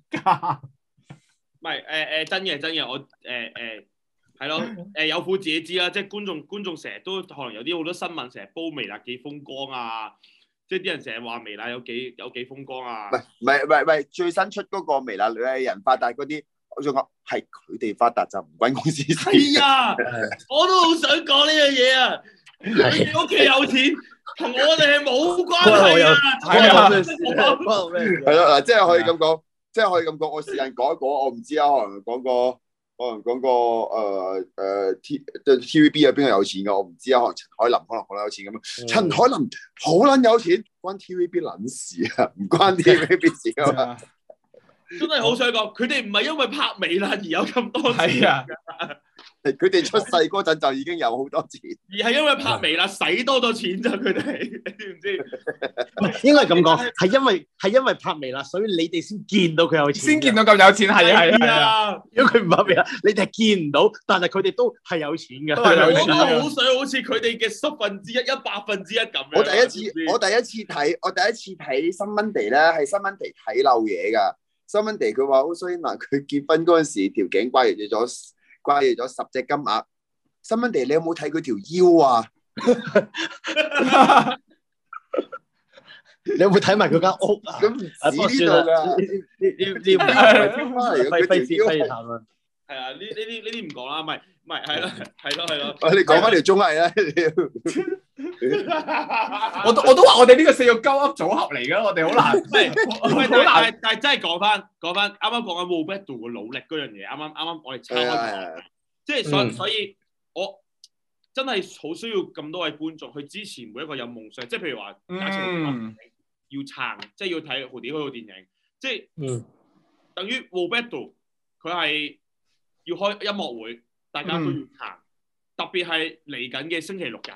唔係誒誒真嘅真嘅，我誒誒係咯誒有苦自己知啦。即、就、係、是、觀眾觀眾成日都可能有啲好多新聞成日煲微辣幾風光啊～即係啲人成日話微辣有幾有幾風光啊？唔係唔係唔係唔係，最新出嗰個微辣女藝人發達嗰啲，我想講係佢哋發達就唔關公司事。係啊，我都好想講呢樣嘢啊！啊你哋屋企有錢同、啊、我哋係冇關係啊！啊我講係啦，嗱，即係可以咁講，啊、即係可以咁講。我試下改一講，我唔知啊，可能講個。可能講個誒誒 T 即係 TVB 有邊個有錢嘅，我唔知啊。可能陳凱琳，可能好撚有錢咁樣，嗯、陳凱琳好撚有錢，關 TVB 撚事啊，唔關 TVB 事啊，真係好想講，佢哋唔係因為拍微辣而有咁多睇啊。 佢哋出世嗰陣就已經有好多錢，而係因為拍微啦，使多咗錢咋佢哋，知唔知？應該係咁講，係因為係因為拍微啦，所以你哋先見到佢有錢，先見到咁有錢，係係啊。如果佢唔拍微啦，你哋係見唔到，但係佢哋都係有錢噶。我都好想好似佢哋嘅十分之一、一百分之一咁。我第一次，我第一次睇，我第一次睇 Sunday 咧，係 Sunday 睇漏嘢噶。Sunday 佢話好衰。嗱，佢結婚嗰陣時條頸掛住咗。跨越咗十隻金額，新天地你有冇睇佢條腰啊？你有冇睇埋佢間屋啊？咁止呢度㗎，呢呢呢唔係飛飛碟飛探啊！係啊，呢呢啲呢啲唔講啦，唔係唔係，係咯係咯係咯，我哋講翻條綜藝啦。我 我都話是我哋呢個四個高 up 組合嚟噶，我哋好難，唔係好難。但係真係講翻，講翻啱啱講緊《War Battle》嘅努力嗰樣嘢，啱啱啱啱我哋撐，即係所所以，嗯、所以我真係好需要咁多位觀眾去支持每一個有夢想，即、就、係、是、譬如話，假設要撐，即係要睇《蝴蝶》嗰套電影，即係等於《War Battle》，佢係要開音樂會，大家都要撐，嗯、特別係嚟緊嘅星期六日。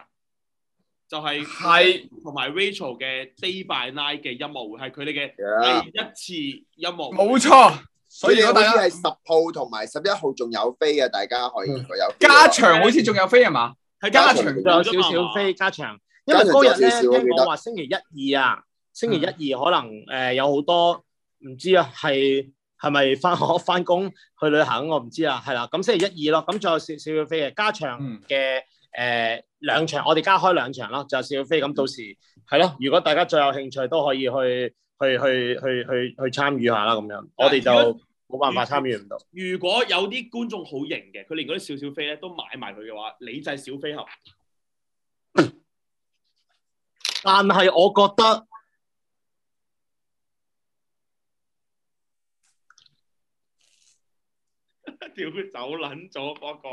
就係係同埋 Rachel 嘅 Day by Night 嘅音樂會，係佢哋嘅第一次音樂冇 Yeah. 錯，所以大家十號同埋十一號仲有飛嘅，大家可以有加長，好似仲有飛係嘛？喺加仲有少少飛，加長。因為嗰日咧，我話星期一二啊，星期一二可能誒、呃、有好多唔知啊，係係咪翻學、翻工、去旅行？我唔知啊，係啦，咁星期一二咯，咁有少少飛嘅加長嘅誒。兩場，我哋加開兩場咯，就係小飛咁。到時係咯，如果大家最有興趣都可以去去去去去去參與下啦。咁樣我哋就冇辦法參與唔到。如果有啲觀眾好型嘅，佢連嗰啲小小飛咧都買埋佢嘅話，你就係小飛俠。但係我覺得，屌走撚咗嗰個，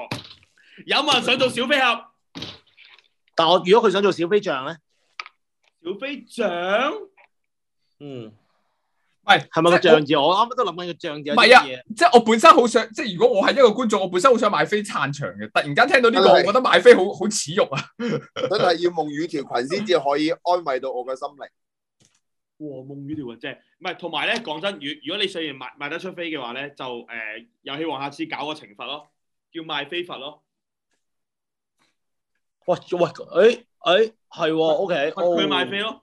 有冇人想做小飛俠？但我如果佢想做小飛象咧，小飛象，嗯，喂，係咪個象字？我啱啱都諗緊個象字。唔係啊，即係我本身好想，即係如果我係一個觀眾，我本身好想買飛撐場嘅。突然間聽到呢個，的我覺得買飛好好恥辱啊！真係 要夢雨條裙先至可以安慰到我嘅心靈。王夢、哦、雨條即啫，唔係同埋咧，講真，如如果你想要賣賣得出飛嘅話咧，就誒，遊戲王下次搞個懲罰咯，叫賣飛佛咯。喂喂，誒誒，係喎，O K，去買飛咯。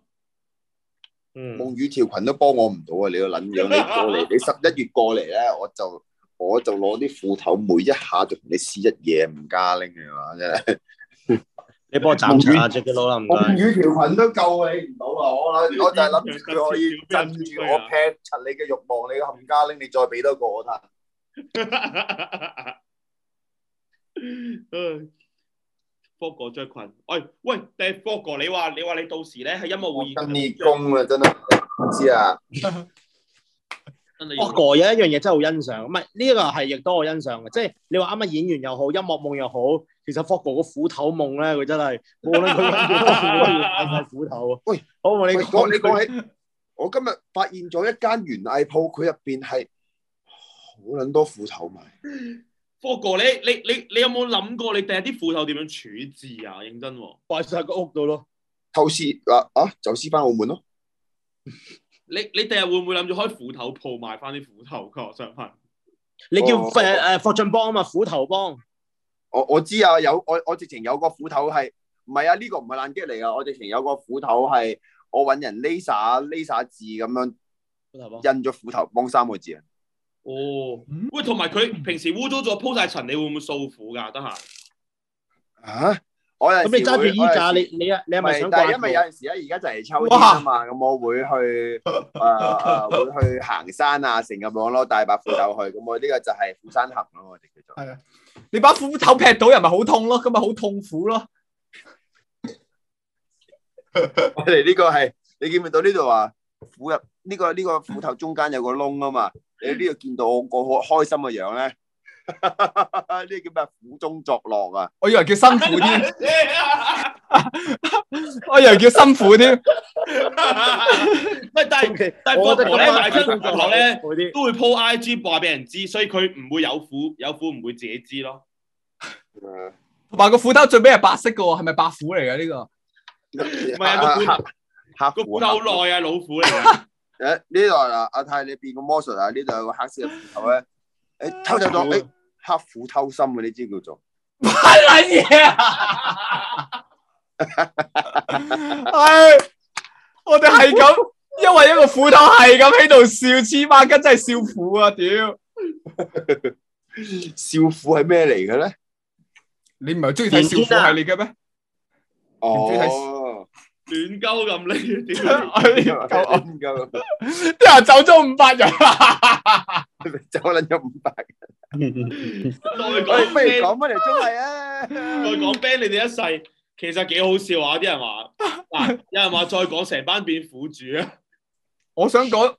嗯，夢雨條裙都幫我唔到啊！你個撚樣，你過嚟，你十一月過嚟咧，我就我就攞啲褲頭，每一下就同你試一嘢，唔加拎嘅話，真係。你幫我斬隻腳啦。夢雨條裙都救你唔到啊！我我就係諗住可以鎮住我劈柒你嘅慾望，你個冚家拎，你再俾多個我睇。嗯。霍哥最困，喂喂，霍哥，你話你話你到時咧係音樂會義工啊， 真係唔知啊。霍哥有一樣嘢真係好欣賞，唔係呢個係亦都我欣賞嘅，即係你話啱啱演員又好，音樂夢又好，其實霍哥個斧頭夢咧，佢真係我都要晒斧頭。 斧頭喂，好你講？你講起， 我今日發現咗一間園藝鋪，佢入邊係好捻多斧頭賣。哥哥，你你你你有冇諗過你第日啲斧頭點樣處置啊？認真喎、哦，擺晒個屋度咯。透視嗱啊，走私翻澳門咯 你你第日會唔會諗住開斧頭鋪賣翻啲斧頭？我想翻。你叫誒霍，霍進邦啊嘛，斧頭幫。我我知啊，有我我直情有個斧頭係唔係啊？呢個唔係爛擊嚟噶，我直情有個斧頭係、啊這個、我揾人 laser laser 字咁樣印咗斧頭幫三個字。哦，喂，同埋佢平時污糟咗鋪晒塵，你會唔會掃苦噶？得閒啊，我又咁你揸住衣架，你你啊，你係咪想戴？但係因為有陣時咧，而家就係秋天啊嘛，咁我會去誒，會去行山啊，成日望攞大把斧頭去，咁我呢個就係斧山行咯，我哋叫做係啊。你把斧頭劈到人咪好痛咯，咁咪好痛苦咯。我哋呢個係你見唔見到呢度啊？斧入呢個呢個斧頭中間有個窿啊嘛。你呢度見到我個好開心嘅樣咧，呢個叫咩苦中作樂啊？我以為叫辛苦添，我以為叫辛苦添。咩？但但不過咧，大作頭咧都會 po IG，話俾人知，所以佢唔會有苦，有苦唔會自己知咯。同埋個斧頭最尾係白色噶喎係咪白虎嚟嘅呢個？唔係啊，個斧個斧頭好耐啊，老虎嚟嘅。誒，呢度嗱，阿泰你變個魔術啊！呢度有個黑色斧頭咧，誒，偷走咗你，黑斧偷心嘅呢招叫做乜嘢啊？係，我哋係咁，因為一個斧頭係咁喺度笑，黐孖筋真係笑斧啊！屌，笑斧係咩嚟嘅咧？你唔係中意睇笑斧系列嘅咩？哦。亂鳩咁你點？溝暗啲人走咗五百人，走甩咗五百。人。講 band，講翻嚟都係啊！再講 b 你哋一世，其實幾好笑， 啊！啲人話，嗱，有人話再講成班變苦主。啊！我想講，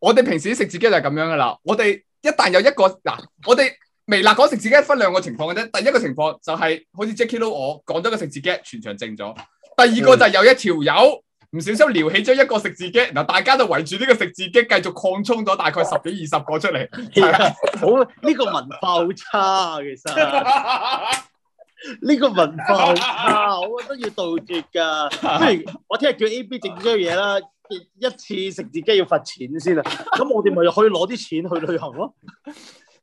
我哋平時食自己就係咁樣噶啦。我哋一旦有一個嗱、啊，我哋微辣講食自己，分兩個情況嘅啫。第一個情況就係、是、好似 Jacky Lou 我講咗個食自己，全場靜咗。第二個就係有一條友唔小心撩起咗一個食字機，嗱，大家都圍住呢個食字機繼續擴充咗大概十幾二十個出嚟。好的，呢 個文化好差啊，其實呢 個文化好差，我都要杜絕噶。不如我聽日叫 A B 整咗嘢啦，一次食字機要罰錢先啊。咁我哋咪可以攞啲錢去旅行咯？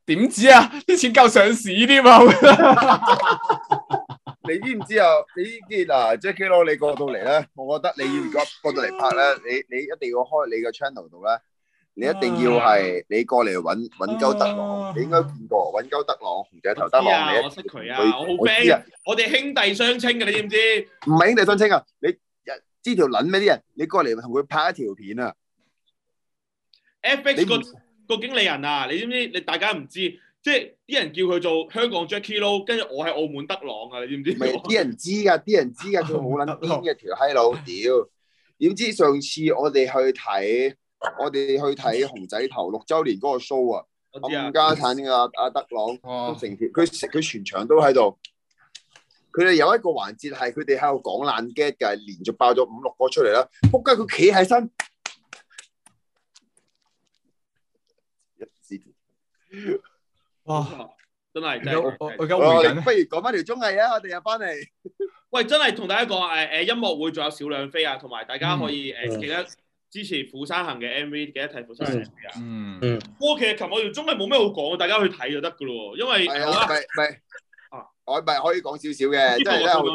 點知啊？啲錢夠上市添啊！ 你知唔知啊？你啲嗱 Jacky Lou 你過到嚟咧，我覺得你要過過到嚟拍咧， 你你一定要開你個 channel 度咧，你一定要係你過嚟揾揾鳩德郎，你應該見過揾鳩德郎，紅仔 頭德郎，你一定要。我識佢啊，他我哋好 兄弟相稱嘅，你知唔知？唔係兄弟相稱啊，你知條撚咩啲人？你過嚟同佢拍一條片啊。FX 個個經理人啊，你知唔知？你大家唔知。即係啲人叫佢做香港 Jacky Lou，跟住我喺澳門德朗啊，你知唔知？咪啲人知噶，啲人知噶，佢好撚癲嘅條閪佬，屌！ 點知上次我哋去睇，我哋去睇熊仔頭六周年嗰個 show 啊，咁家產嘅阿德朗成條，佢佢、啊、全場都喺度。佢哋有一個環節係佢哋喺度講爛 gag 嘅，連續爆咗五六個出嚟啦，仆街！佢企喺身。 哇！真係，我我而家回緊。不如講翻條綜藝啊！我哋又翻嚟。喂，真係同大家講誒誒音樂會仲有小兩飛啊，同埋大家可以誒記得支持《釜山行》嘅 MV，記得睇《釜山行》啊。嗯嗯。不過其實琴日我條綜藝冇咩好講，大家去睇就得噶咯。因為係啊，唔係唔係。哦，我咪可以講少少嘅，即係咧好多。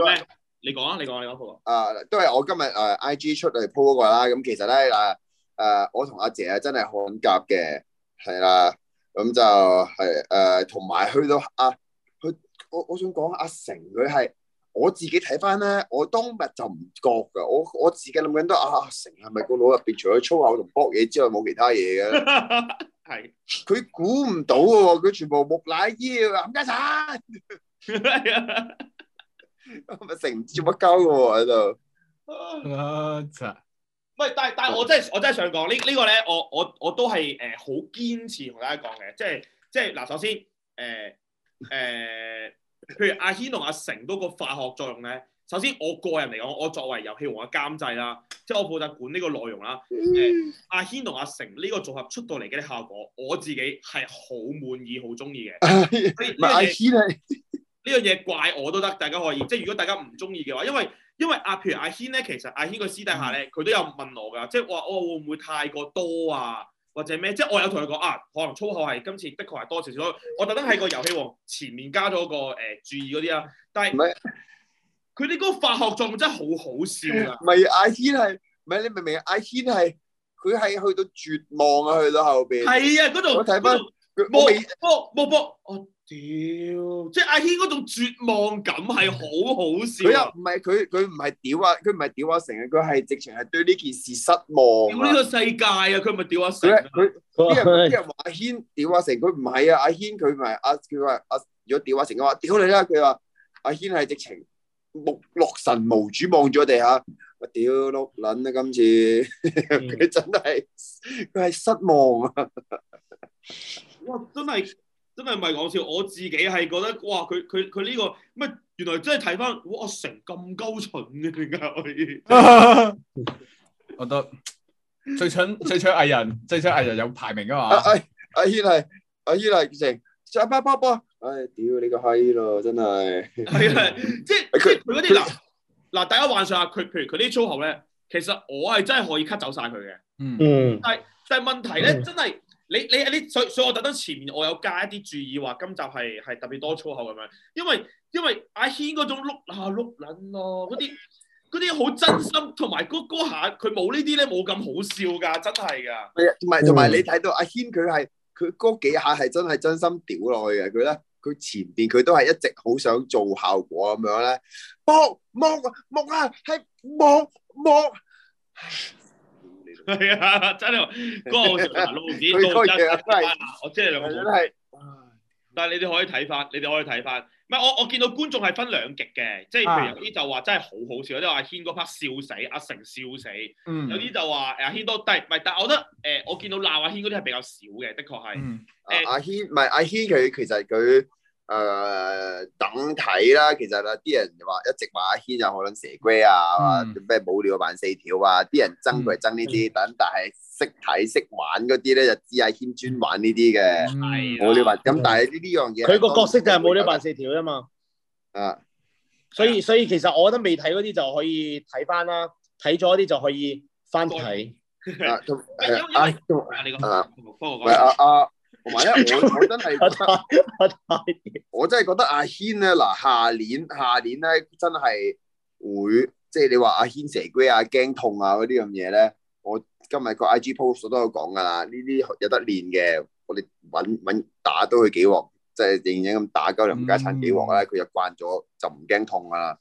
你講啊！你講你講嗰個。啊，都係我今日誒 IG 出嚟 po 嗰個啦。咁其實咧誒誒，我同阿姐啊真係好夾嘅，係啦。咁就係誒，同埋去到阿佢，我我想講阿成佢係我自己睇翻咧，我當日就唔覺噶我我自己諗緊都阿成係咪個腦入邊除咗粗口同駁嘢之外冇其他嘢嘅？係佢估唔到噶佢全部木乃伊、冚家鏟，係啊，咪成唔知做乜鳩噶喎喺度，啊真。喂，但係但係我真係我真係想講、這個、呢呢個咧，我我我都係誒好堅持同大家講嘅，即係即係嗱、呃，首先誒誒、呃，譬如阿軒同阿成嗰個化學作用咧，首先我個人嚟講，我作為遊戲王嘅監製啦，即係我負責管呢個內容啦，呃、阿軒同阿成呢個組合出到嚟嘅啲效果，我自己係好滿意好中意嘅。所以呢樣嘢怪我都得，大家可以，即係如果大家唔中意嘅話，因為，因為阿譬如阿軒咧，其實阿軒佢私底下咧，佢都有問我噶，即係我話哦，會唔會太過多啊？或者咩？即係我有同佢講啊，可能粗口係今次的確係多少少。我特登喺個遊戲王前面加咗個誒注意嗰啲啊。但係佢啲嗰個化學作用真係好好笑啊！唔係阿軒，係唔係？你明唔明阿軒，係佢係去到絕望啊，去到後邊係啊！嗰度我睇翻佢冇冇屌，即係阿軒嗰種絕望感係好好笑。佢又唔係佢，佢唔係屌啊，佢唔係屌阿成，佢係直情係對呢件事失望，啊。屌呢個世界啊！佢咪屌阿成。佢啲人啲人話阿軒屌阿成，佢唔係啊！阿軒佢咪阿佢話阿如果屌、啊、阿成嘅話，屌你啦！佢話阿軒係直情木落神無主望咗地下。我屌碌捻啊！今次佢真係佢係失望啊！ 哇，真係。真係唔係講笑，我自己係覺得哇！佢佢佢呢個乜原來真係睇返，哇！成咁鳩蠢嘅，點解可以？覺得 最蠢最蠢藝人 最蠢藝人有排名 啊嘛！阿阿軒係阿軒係成阿把波波。唉屌你個閪咯！真係。係啊，即係佢嗰啲嗱嗱，大家幻想下佢，譬如佢啲粗口咧，其實我係真係可以 cut 走晒佢嘅。嗯。 嗯但係但係問題咧，真係。你你你，所所以我特登前面我有加一啲注意，話今集係係特別多粗口咁樣，因為因為阿軒嗰種碌下碌撚咯，嗰啲嗰啲好真心，同埋嗰下佢冇呢啲咧，冇咁好笑噶，真係噶。係啊、嗯，同埋同埋你睇到阿軒佢係佢嗰幾下係真係真心屌落去嘅，佢咧佢前邊佢都係一直好想做效果咁樣咧，冇冇冇啊，係冇冇。係啊， 真係嗰個成日撈錢， 真係我知你兩個都係， 但係你哋可以睇翻，你哋可以睇翻。唔係我我見到觀眾係分兩極嘅，即係譬如有啲就話真係好好笑，有啲話阿軒嗰 part 笑死，阿成笑死，嗯、有啲就話阿軒都低，唔係但係我覺得誒、呃、我見到鬧阿軒嗰啲係比較少嘅，的確係。誒、嗯欸啊、阿軒唔係阿軒佢其實佢。誒、呃，等睇啦，其實啦，啲人就話一直話阿軒有可能蛇龜啊，做咩冇料扮四條啊？啲人憎佢係憎呢啲，等但係識睇識玩嗰啲咧，就知阿軒專玩呢啲嘅。冇料扮，咁的但係呢呢樣嘢，佢個角色就係冇料扮四條啊嘛。啊，所以所以其實我覺得未睇嗰啲就可以睇翻啦，睇咗啲就可以翻睇。阿阿、啊。同埋咧，我我真係覺得，我真係覺得阿軒咧嗱，下年下年咧真係會，即係你話阿軒蛇龜啊，驚痛啊嗰啲咁嘢咧。我今日個 IG post 都有講噶啦，呢啲有得練嘅，我哋揾揾打都佢幾鑊，即係認認咁打鳩又唔加餐幾鑊咧，佢就慣咗就唔驚痛噶啦，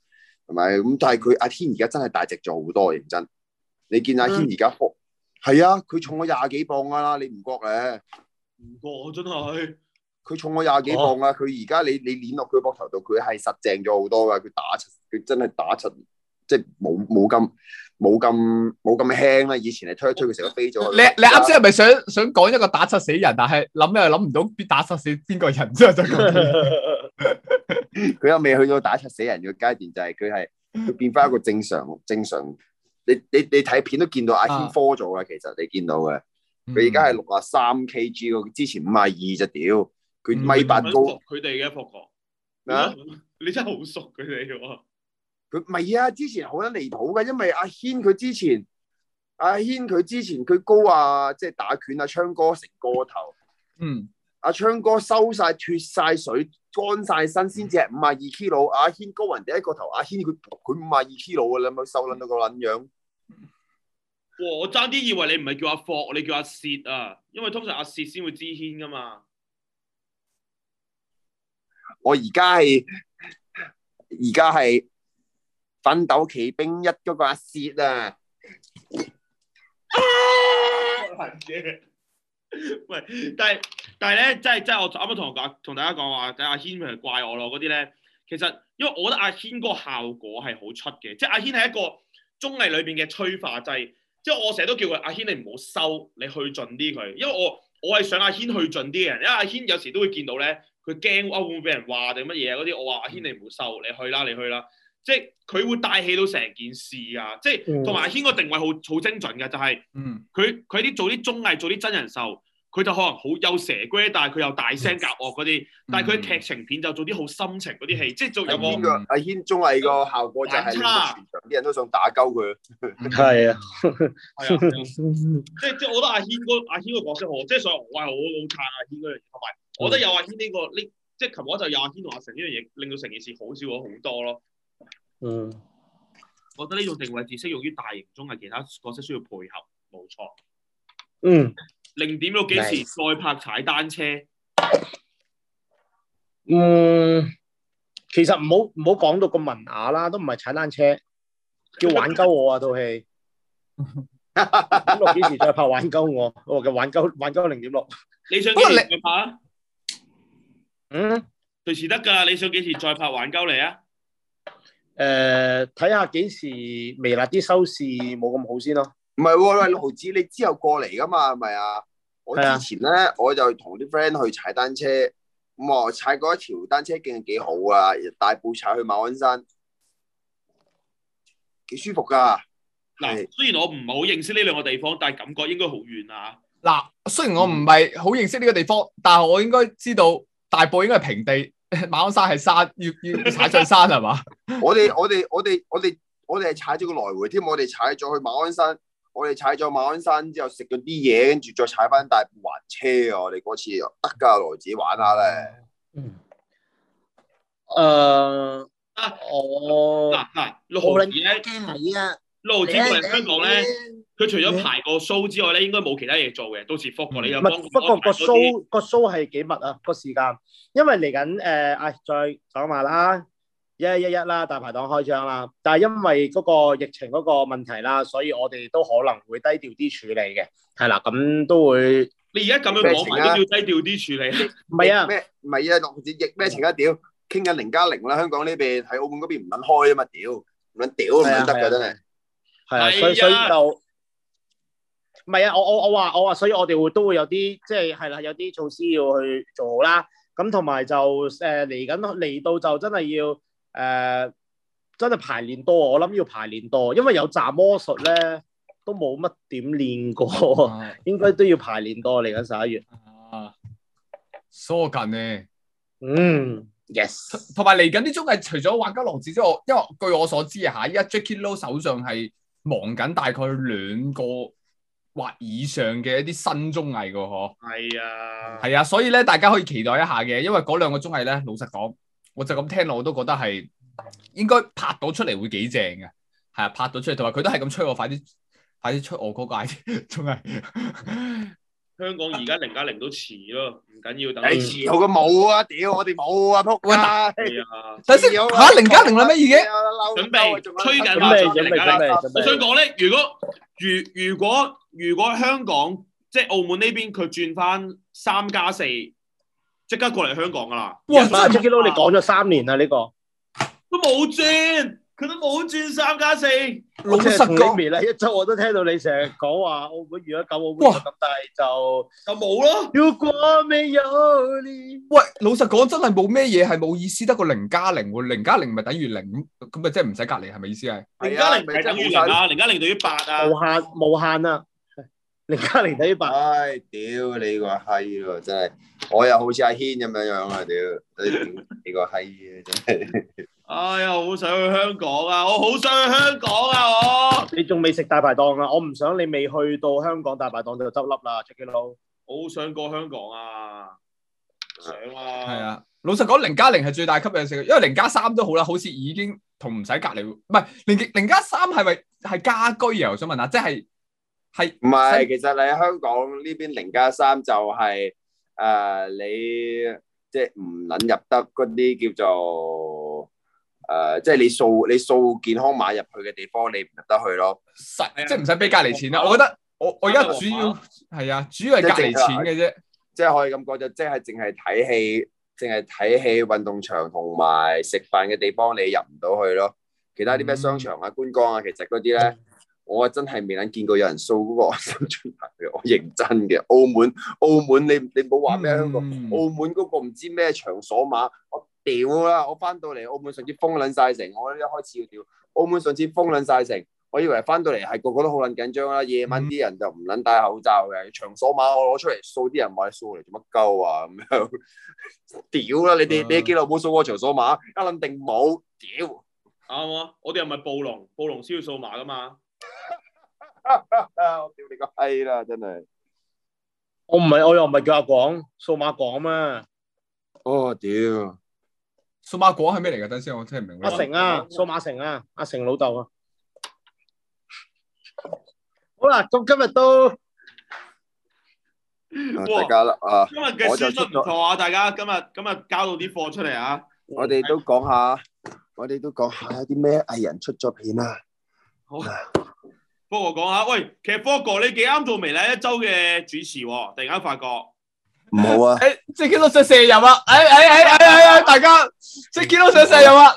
同埋咁。但係佢阿軒而家真係大隻咗好多，認真。你見阿軒而家，係、嗯、啊，佢重咗廿幾磅噶、啊、啦，你唔覺咧？唔過真係，佢重我廿幾磅啊！佢而家你你捻落佢膊頭度，佢係實正咗好多噶。佢打七，佢真係打七，即係冇冇咁冇咁冇咁輕啦。以前係推一推佢成個飛咗。你在你啱先係咪想想講一個打七死人，但係諗又諗唔到邊打七死邊個人啫。佢又未去到打七死人嘅階段，就係佢係變翻一個正常、嗯、正常。你你你睇片都見到阿泰科咗啦，啊、其實你見到嘅。佢而家係六啊三 kg，佢之前五啊二就屌，佢米八高。佢哋嘅撲過，哥啊，你真係好熟佢哋仲，佢唔係啊，之前好得離譜嘅，因為阿軒佢之前，阿軒佢之前佢高啊，即係打拳啊，昌哥成個頭。嗯，阿昌哥收晒脱晒水乾晒身先至係五啊二 kilo 阿軒高人哋一個頭，阿軒佢佢五啊二 kilo 啊，你諗下瘦到個撚樣。嗯哦、我爭啲以為你唔係叫阿霍，你叫阿薛啊！因為通常阿薛先會知軒噶嘛。我而家係，而家係奮鬥奇兵一嗰個阿薛啊！啊！餵！ 但係但係咧，即係即係我啱啱同阿同大家講話，就阿軒嚟怪我咯。嗰啲咧，其實因為我覺得阿軒個效果係好出嘅，即係阿軒係一個綜藝裏邊嘅催化劑。即係我成日都叫佢阿軒，你唔好收，你去盡啲佢。因為我我係想阿軒去盡啲嘅人，因為阿軒有時都會見到咧，佢驚啊會唔會俾人話定乜嘢嗰啲，我話、嗯、阿軒你唔好收，你去啦，你去啦。即係佢會帶起到成件事啊！即係同埋阿軒個定位好好精準嘅，就係佢佢啲做啲綜藝，做啲真人秀。佢就可能好有蛇龜，但係佢又大聲夾惡嗰啲。但係佢嘅劇情片就做啲好深情嗰啲戲，嗯、即係做有個阿軒、啊、綜藝，個效果就係差，啲人都想打鳩佢。係啊，啊，即係即係，啊就是，我覺得阿軒個阿軒個角色好，即係所以我係我好撐阿軒嗰樣嘢，同埋我覺得有阿軒呢、這個呢，即係琴晚就有阿軒同阿成呢樣嘢，令到成件事好少咗好多咯。嗯，我覺得呢種定位只適用於大型綜藝，其他角色需要配合，冇錯。嗯。零點六幾時再拍踩單車？嗯，其實唔好唔好講到咁文雅啦，都唔係踩單車，叫玩鳩我啊套戲。我幾時再拍玩鳩我？我話嘅玩鳩玩鳩零點六，你想幾時再拍啊？嗯，隨時得噶，你想幾時再拍玩鳩嚟啊？誒，睇下幾時微辣啲收視冇咁好先咯。唔係喎，喂六毫子，你之後過嚟噶嘛？係咪啊？我以前咧，我就同啲 friend 去踩單車，咁啊踩過一條單車徑，幾好啊，大埔踩去馬鞍山，幾舒服噶。嗱，雖然我唔係好認識呢兩個地方，但係感覺應該好遠啊。嗱，雖然我唔係好認識呢個地方，嗯、但係我應該知道大埔應該係平地，馬鞍山係山，越越踩上山係嘛 我哋我哋我哋我哋我哋係踩咗個來回添，我哋踩咗去馬鞍山。我哋踩咗馬鞍山之後食咗啲嘢，跟住再踩翻大埔還車、嗯、啊！啊我哋嗰次得噶羅自玩下咧。嗯、啊。誒啊我嗱嗱羅子咧、啊，羅子、啊啊、過嚟香港咧，佢除咗排個 show 之外咧，應該冇其他嘢做嘅，都似覆過你啊。唔係，不過個 show 個 show 係幾密啊個時間，因為嚟緊誒，啊、哎、再講埋啦。一一一啦，大排檔開張啦，但係因為嗰個疫情嗰個問題啦，所以我哋都可能會低調啲處理嘅，係啦，咁都會。你而家咁樣講，咩情都要低調啲處理？唔係啊，咩唔係啊，六字疫咩情？屌，傾緊零加零啦，香港呢邊喺澳門嗰邊唔捻開啊嘛，屌唔捻屌唔捻得㗎真係，係啊，所以就唔係啊，我我我話我話，所以我哋會都會有啲即係係啦，有啲措施要去做好啦，咁同埋就誒嚟緊嚟到就真係要。誒，uh, 真係排練多，我諗要排練多，因為有集魔術咧，都冇乜點練過，啊、 應該都要排練多。嚟緊十一月，啊縮近呢，嗯，yes。同埋嚟緊啲綜藝，除咗《畫家王子》之外，因為據我所知啊，吓依家 Jacky Lou 手上係忙緊大概兩個或以上嘅一啲新綜藝噶，嗬。係啊。係啊，所以咧，大家可以期待一下嘅，因為嗰兩個綜藝咧，老實講。我就咁聽落，我都覺得係應該拍到出嚟會幾正嘅，係啊拍到出嚟。同埋佢都係咁吹我，我快啲快啲出我嗰界，仲係香港而家零加零都了、哎、遲咯，唔緊要等。你遲我嘅冇啊！屌我哋冇啊！仆街、啊！睇先吓零加零啦咩嘢？準備催緊未？我想講咧，如果如如果如果香港即係澳門呢邊佢轉翻三加四。4。即刻過嚟香港噶啦！喂，真係朱基你講咗三年啦呢、呢個，都冇轉，佢都冇轉三加四。老實講，呢面咧一週我都聽到你成日講話澳門如果九澳門咁大就就冇咯。喂，老實講真係冇咩嘢係冇意思家，得個零加零喎，零加零咪等於零咁，咪即係唔使隔離係咪意思係？零加零咪等於零啊，零加零等於八啊，啊無限無限啊！零加零等於八。唉，屌、哎、你個閪咯，真係！我又好似阿軒咁樣樣啊，屌 你屌個閪啊，真係！哎呀，我好想去香港啊！我好想去香港啊！我你仲未食大排檔啦、啊？我唔想你未去到香港大排檔你就執笠啦！出幾佬！好想過香港啊！想啊！係啊！老實講，零加零係最大吸引性，因為零加三都好啦，好似已經同唔使隔離唔係零零加三係咪係家居啊？我想問下，即係。係，唔係，其實你喺香港呢邊零加三就係，誒，你即係唔撚入得嗰啲叫做，誒，即係你掃你掃健康碼入去嘅地方，你唔入得去咯。實，即係唔使俾隔離錢啦。我覺得，我，我我而家主要係啊，主要係隔離錢嘅啫。即係可以咁講，就即係淨係睇戲、淨係睇戲、運動場同埋食飯嘅地方，你入唔到去咯。其他啲咩商場啊、嗯、觀光啊，其實嗰啲咧。我真係未能見過有人掃嗰個我認真嘅。澳門，澳門你你唔好話俾香港，嗯、澳門嗰個唔知咩場所碼，我屌啦！我翻到嚟澳門上次封撚晒城，我一開始要屌澳門上次封撚晒城，我以為翻到嚟係個個都好撚緊張啦。夜晚啲人就唔撚戴口罩嘅，場所碼我攞出嚟掃，啲人唔係掃嚟做乜鳩啊咁樣？屌啦！你哋、啊、你幾耐冇掃過場所碼？一撚定冇屌啱冇啊！我哋又唔係暴龍，暴龍先要掃碼噶嘛～我屌你個閪啦，真係！我唔係我又唔係叫阿廣數碼廣吖嘛？哦，屌！數碼廣係咩嚟噶？等先，我聽唔明。阿成啊，數碼成啊，阿成老豆啊！好啦，咁今日都大家啦啊！今日嘅消息都唔錯啊！大家今日今日交到啲貨出嚟啊！我哋都講下，我哋都講下有啲咩藝人出咗片啊？好。幫我講下，喂，其實霍哥你幾啱做微辣一周嘅主持，突然間發覺唔好啊！Jackie 都想射入啦！哎哎哎哎，哎大家 Jackie 都想射入啦！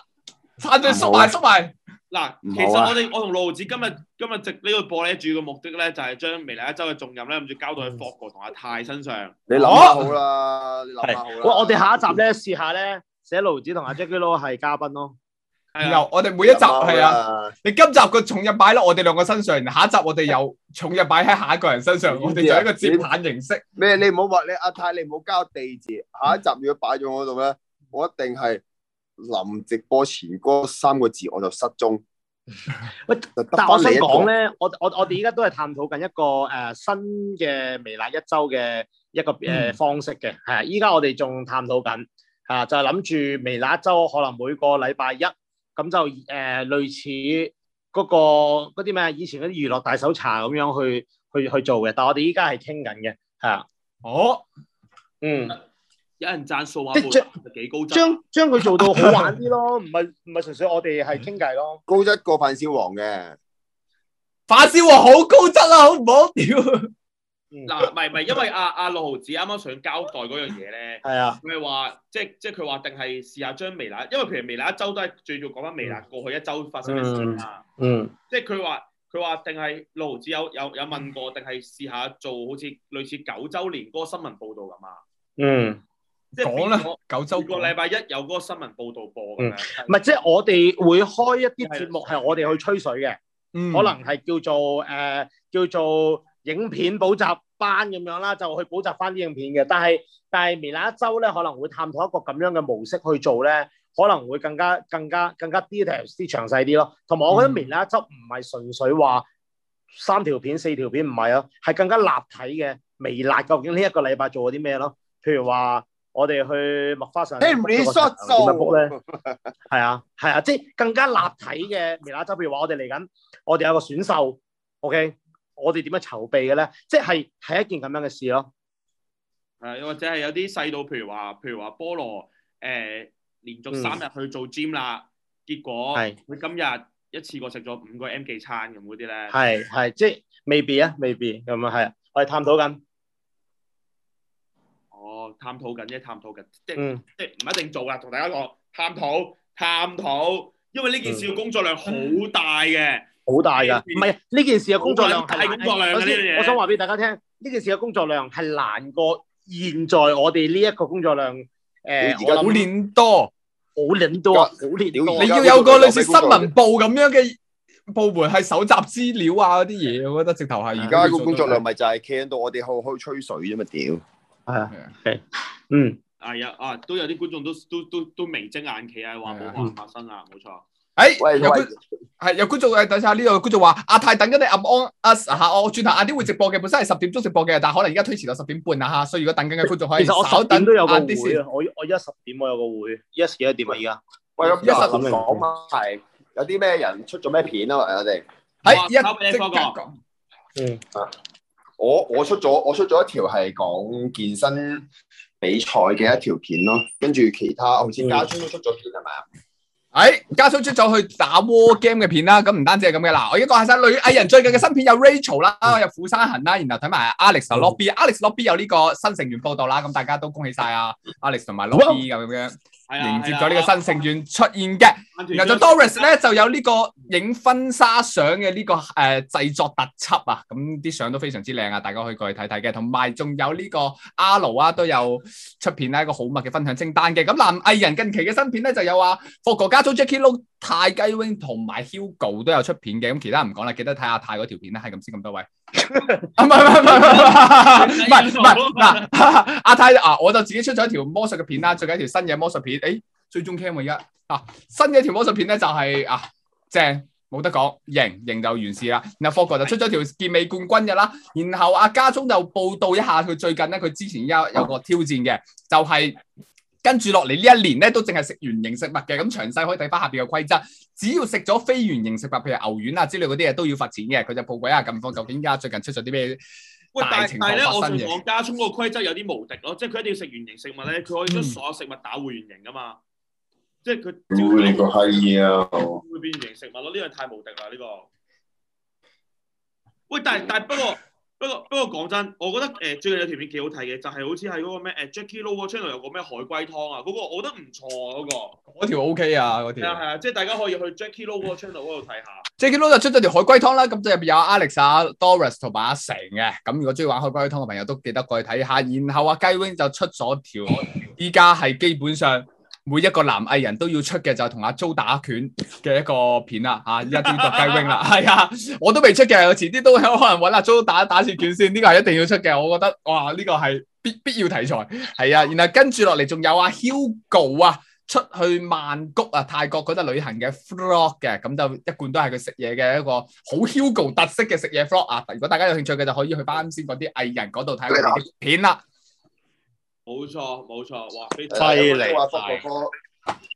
反正縮埋縮埋。嗱，啊、其實我哋我同盧子今日今日值呢個播呢主要嘅目的咧，就係將微辣一周嘅重任咧，諗住交到去霍哥同阿泰身上。你諗好啦，諗下、哦、是好啦是。我哋下一集咧試下咧，寫盧子同阿 Jackie 都係嘉賓咯。然後我哋每一集係啊，你今集個重任擺喺我哋兩個身上，下一集我哋又重任擺喺下一個人身上，來我哋就一個接力形式。咩？你唔好話你阿、啊、泰，你唔好交地字。下一集如果擺咗我度咧，我一定係臨直播前嗰三個字我就失蹤。喂， 但我想講咧，我我我哋依家都係探討緊一個誒、呃、新嘅微辣一周嘅一個誒、呃嗯、方式嘅，係啊。依家我哋仲探討緊，吓、呃、就係諗住微辣一周可能每個禮拜一。咁就誒、呃、類似嗰、嗰個嗰啲咩以前嗰啲娛樂大搜查咁樣去去去做嘅，但係我哋依家係傾緊嘅，係哦，嗯，有人贊數啊，即係將幾高質，將將佢做到好玩啲咯，唔係唔係純粹我哋係傾偈咯，高質過發燒王嘅，發燒王好高質啊，好唔好、啊？嗱，唔係唔係，因為阿阿六毫子啱啱想交代嗰樣嘢咧，係啊，佢話即即佢話定係試下將微辣，因為譬如微辣一周都係最重要講翻微辣過去一周發生嘅事情、啊、啦、嗯。嗯，即係佢話佢話定係六毫子有有有問過，定係試下做好似類似九週年嗰個新聞報導咁嘛？嗯，講啦是，九週個禮拜一有嗰個新聞報導播咁樣，唔係即係我哋會開一啲節目係我哋去吹水嘅，嗯、可能係叫做誒、呃、叫做影片補習。班咁樣啦，就去補習翻啲影片嘅。但係但係，微辣一週咧可能會探討一個咁樣嘅模式去做咧，可能會更加更加更加 detail 啲詳細啲咯。同埋我覺得微辣一週唔係純粹話三條片四條片唔係啊，係更加立體嘅微辣。究竟呢一個禮拜做咗啲咩咯？譬如話我哋去麥花臣，你唔知 show 咩 book 咧？係啊係啊，即係、即係、更加立體嘅微辣一週。譬如話我哋嚟緊，我哋有個選秀，OK。我哋點樣籌備嘅咧？即係係一件咁樣嘅事咯。又或者係有啲細到，譬如話，譬如話菠蘿，誒、欸、連續三日去做 gym 啦，嗯、結果佢是今日一次過食咗五個 M 記餐咁嗰啲咧。係係，即係未必啊，未必咁啊，係我哋探討緊。哦，探討緊啫，探討緊，即係、嗯、即係唔一定做㗎，同大家講探討探討，因為呢件事嘅工作量好大嘅。嗯好大噶，唔係呢件事嘅工作量係工作量。首先，我想話俾大家聽，呢件事嘅工作量係難過現在我哋呢一個工作量。誒，好練多，好練多，好你要有個類似新聞部咁樣嘅部門，係搜集資料啊啲嘢，我覺得直頭係。而家個工作量咪就係企喺度，我哋去去吹水啫嘛，屌。係啊，係，嗯，係啊，啊，都有啲觀眾都都都都眉精眼企啊，話冇可能發生啊，冇錯。誒，有觀係有觀眾誒，等下呢度觀眾話阿泰，等緊你。I'm 阿吓，我我轉頭阿 D 會直播嘅，本身係十點鐘直播嘅，但係可能而家推遲到十點半啦吓。所以如果等緊嘅觀眾可以，其實我手等都有個我我一十點我有個會。一 e s 幾多點啊？而家我一十唔爽啊，係有啲咩人出咗咩片啊？我哋喺一，嗯啊，我我出咗我出咗一條係講健身比賽嘅一條片咯，跟住其他，好似家聰都出咗片係咪？誒，家叔出咗去打 War Game 嘅片啦，咁唔單止係咁嘅啦，我而家講晒女藝人最近嘅新片有 Rachel 啦，有釜山行啦，然後睇埋 Alex Lobby，Alex、嗯、Lobby 有呢個新成員報道啦，咁大家都恭喜晒啊，Alex 同埋 Lobby 咁樣。迎接咗呢個新成員出現嘅，然後 Doris 咧，就有呢個影婚紗相嘅呢個誒、呃、製作特輯啊，咁啲相都非常之靚啊，大家可以過去睇睇嘅，同埋仲有呢個阿盧啊都有出片啦，一個好密嘅分享清單嘅，咁男藝人近期嘅新片咧，就有阿、啊、霍哥哥加 Jacky Lou。泰雞 wing 同埋 Hugo 都有出片嘅，咁其他人唔講啦，記得睇阿泰嗰條片啦，係咁先咁多位。唔係唔係唔係唔係，唔係嗱，阿泰 啊，我就自己出咗一條魔術嘅片啦，最近一條新嘅魔術片，誒，最中 cam 啊，而家，新嘅條魔術片咧就係、是、啊，正冇得講，贏贏就完事啦。然後霍哥就出咗條健美冠軍嘅啦，然後阿、啊、家聰就報道一下佢最近咧，佢之前有有一個挑戰嘅，就係、是。跟住落嚟呢一年咧，都淨係食圓形食物嘅。咁詳細可以睇翻下邊嘅規則，只要食咗非圓形食物，譬如牛丸啊之類嗰啲嘢，都要罰錢嘅。佢就鋪鬼啊，近況究竟而家最近出咗啲咩？喂，但係但係咧，我想講加充嗰個規則有啲無敵咯，即係佢一定要食圓形食物咧，佢可以將所有食物打回圓形噶嘛。即係佢會變個閪啊！會變形食物咯，呢樣太無敵啦呢個。喂，但係但係不過。不過不過，講真，我覺得誒、呃，最近有條片幾好睇嘅，就係、是、好似係嗰個咩誒、呃、Jacky Lou 嘅 channel 有個咩海龜湯啊，嗰、那個我覺得唔錯啊，嗰、那個嗰條 O K 啊，嗰條係啊係啊，即係大家可以去 Jacky Lou 嘅 channel 嗰度睇下。 Jacky Lou 就出咗條海龜湯啦，咁就入邊有 Alex 啊、Doris 同埋阿成嘅，咁如果中意玩海龜湯嘅朋友都記得過去睇下。然後啊，雞 wing 就出咗條，依家係基本上，每一個男藝人都要出嘅就係、是、同阿 Joe 打拳嘅一個片啦，吓一啲特雞 wing 啦，係 啊，我都未出嘅，遲啲都有可能搵阿 Joe 打打次拳先，呢、這個係一定要出嘅，我覺得哇，呢、這個係必必要題材，係啊，然後跟住落嚟仲有阿、啊、Hugo 啊，出去曼谷啊泰國嗰度旅行嘅 vlog 嘅，咁就一貫都係佢食嘢嘅一個好 Hugo 特色嘅食嘢 vlog 啊，如果大家有興趣嘅就可以去翻先嗰啲藝人嗰度睇佢嘅片啦。冇錯冇錯，哇！犀利，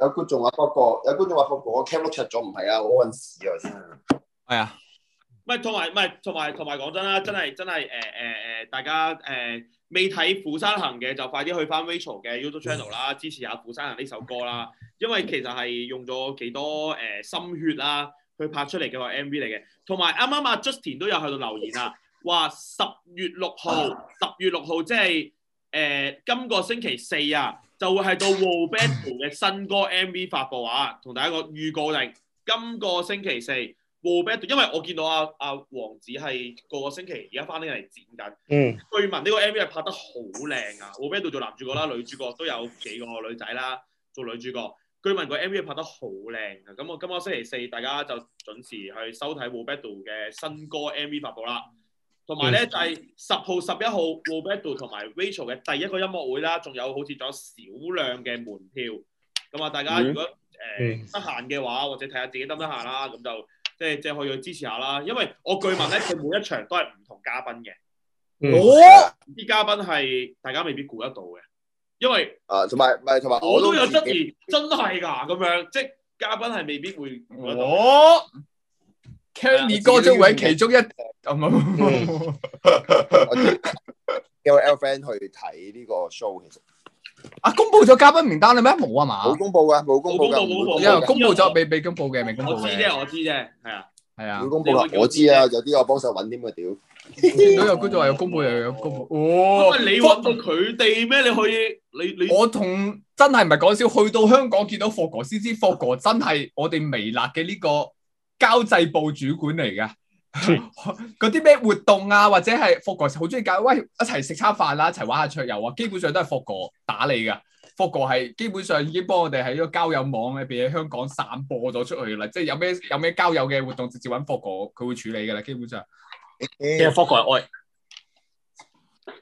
有觀眾話：，霍哥有觀眾話：，霍哥 cam 碌咗，唔係啊，我暈屎啊！係啊，唔係同埋唔係同埋同埋講真啦，真係真係誒誒誒，大家誒未睇《釜山行》嘅就快啲去翻 Rachel 嘅 YouTube channel 啦，支持下《釜山行》呢首歌啦，因為其實係用咗幾多誒心血啦，去拍出嚟嘅話 MV 嚟嘅。同埋啱啱阿 Justin 都有去到留言啊，話十月六號，十月六號即係。呃、今個星期四啊，就會係到 Warband 嘅新歌 MV 發布啊，同大家個預告令。今個星期四，Warband，因為我見到阿阿黃子係個個星期而家翻嚟剪緊。嗯。據聞呢個 MV 係拍得好靚啊 Warband 做男主角啦，女主角都有幾個女仔啦，做女主角。據聞個 MV 拍得好靚啊，咁、嗯、我今個星期四大家就準時去收睇 Warband 嘅新歌 MV 發布啦。同埋咧就係十號十一號，Roberto 同埋 Rachel 嘅第一個音樂會啦，仲有好似仲有少量嘅門票，咁啊大家如果誒得閒嘅話，或者睇下自己得唔得閒啦，咁就即係即係可以去支持下啦。因為我據聞咧，佢每一場都係唔同嘉賓嘅，嗯、哦，啲嘉賓係大家未必估得到嘅，因為啊同埋唔係同埋，我都有質疑，真係㗎咁樣，即係嘉賓係未必會估得到。哦 Kenny 哥將會喺其中一，有叫 L friend 去睇呢個 show，其實啊，公布咗嘉賓名單啦咩？冇啊嘛，冇公布啊？冇公布噶，之後公布咗俾俾公布嘅，未公布。我知啫，我知啫，係啊係啊，會公布啦，我知啊，有啲我幫手揾添個屌，見到又公布，有公布，又公布，你揾佢哋咩？你可以，你你我同真係唔係講笑，去到香港見到霍哥先知霍哥真係我哋微辣嘅呢個。交際部主管嚟噶，嗰啲咩活動啊，或者係霍哥好中意搞，喂，一齊食餐飯啦、啊，一齊玩一下桌遊啊，基本上都係霍哥打理噶。霍哥係基本上已經幫我哋喺呢個交友網裏邊喺香港散播咗出去啦，即、就、係、是、有咩有咩交友嘅活動，直接揾霍哥，佢會處理噶啦，基本上。其實霍哥係愛。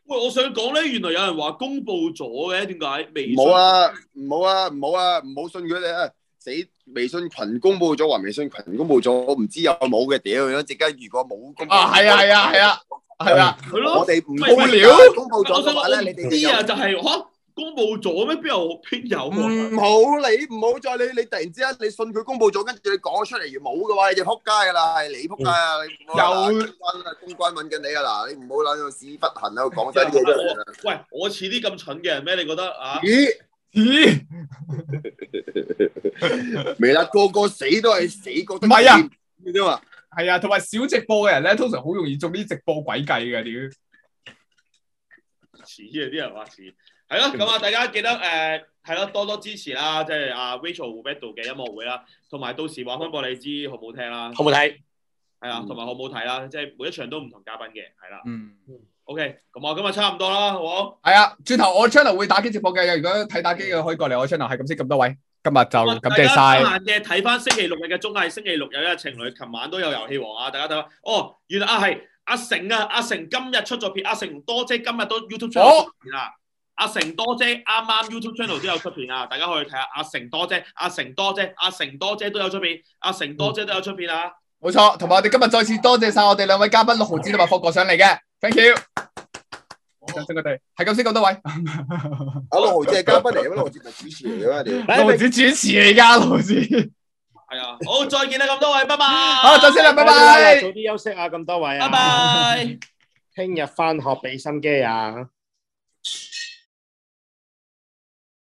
喂、哎，我想講咧，原來有人話公布咗嘅，點解？未？冇啊，冇啊，冇啊，唔好信佢哋啊，死！微信群公布咗，話微信群公布咗，我唔知有冇嘅屌，一陣間如果冇，公啊係啊係啊係啊係啊，我哋唔公布咗話咧，你哋啲啊就係公布咗咩？邊有邊有？唔好你唔好再你你突然之間你信佢公布咗，跟住你講出嚟冇嘅話，你就扑街噶啦，係你扑街啊！有公關啊，公關問緊你啊，嗱，你唔好諗到屎忽痕啊，我講真句出嚟喂，我似啲咁蠢嘅人咩？你覺得啊？咦？咦，未啦， 個個死都係死過，唔係啊，你知嘛？係啊，同埋小直播嘅人咧，通常好容易中啲直播詭計嘅，屌！似啊，啲人話似，係咯，咁啊，大家記得誒，係、呃、咯、啊，多多支持啦、啊，即係阿 Rachel h u Beddo 嘅音樂會啦，同埋到時話翻播。你知好唔好聽啦，好唔好睇？係啊，同埋、嗯、好唔好睇啦，即、就、係、是、每一場都唔同嘉賓嘅，係啦、啊，嗯。O K，咁啊，今日，差唔多啦，係嘛？係啊，轉頭我 channel 會打機直播嘅，如果睇打機嘅可以過嚟我 channel，係咁先，咁多位，今日就感謝晒。大家睇翻星期六日嘅綜藝，星期六日嘅情侶，琴晚都有遊戲王啊，大家睇哦，原來啊係阿成啊，阿成今日出咗片，阿成多姐今日都 YouTube 出片啦，阿成多姐啱啱 YouTube channel 都有出片啊，大家可以睇下阿成多姐，阿成多姐，阿成多姐都有出片，阿成多姐都有出片啊，冇錯，同埋我哋今日再次多謝晒我哋兩位嘉賓六毫子同埋霍哥上嚟嘅。thank you，我真係我哋係咁先咁多位，阿羅志係嘉賓嚟嘅咩？羅志係主持嚟嘅咩？羅志主持嚟噶羅志，係啊，好再見啦，咁多位，拜拜，好，就先啦，拜拜，早啲休息啊，咁多位啊，拜拜，聽日翻學俾心機啊。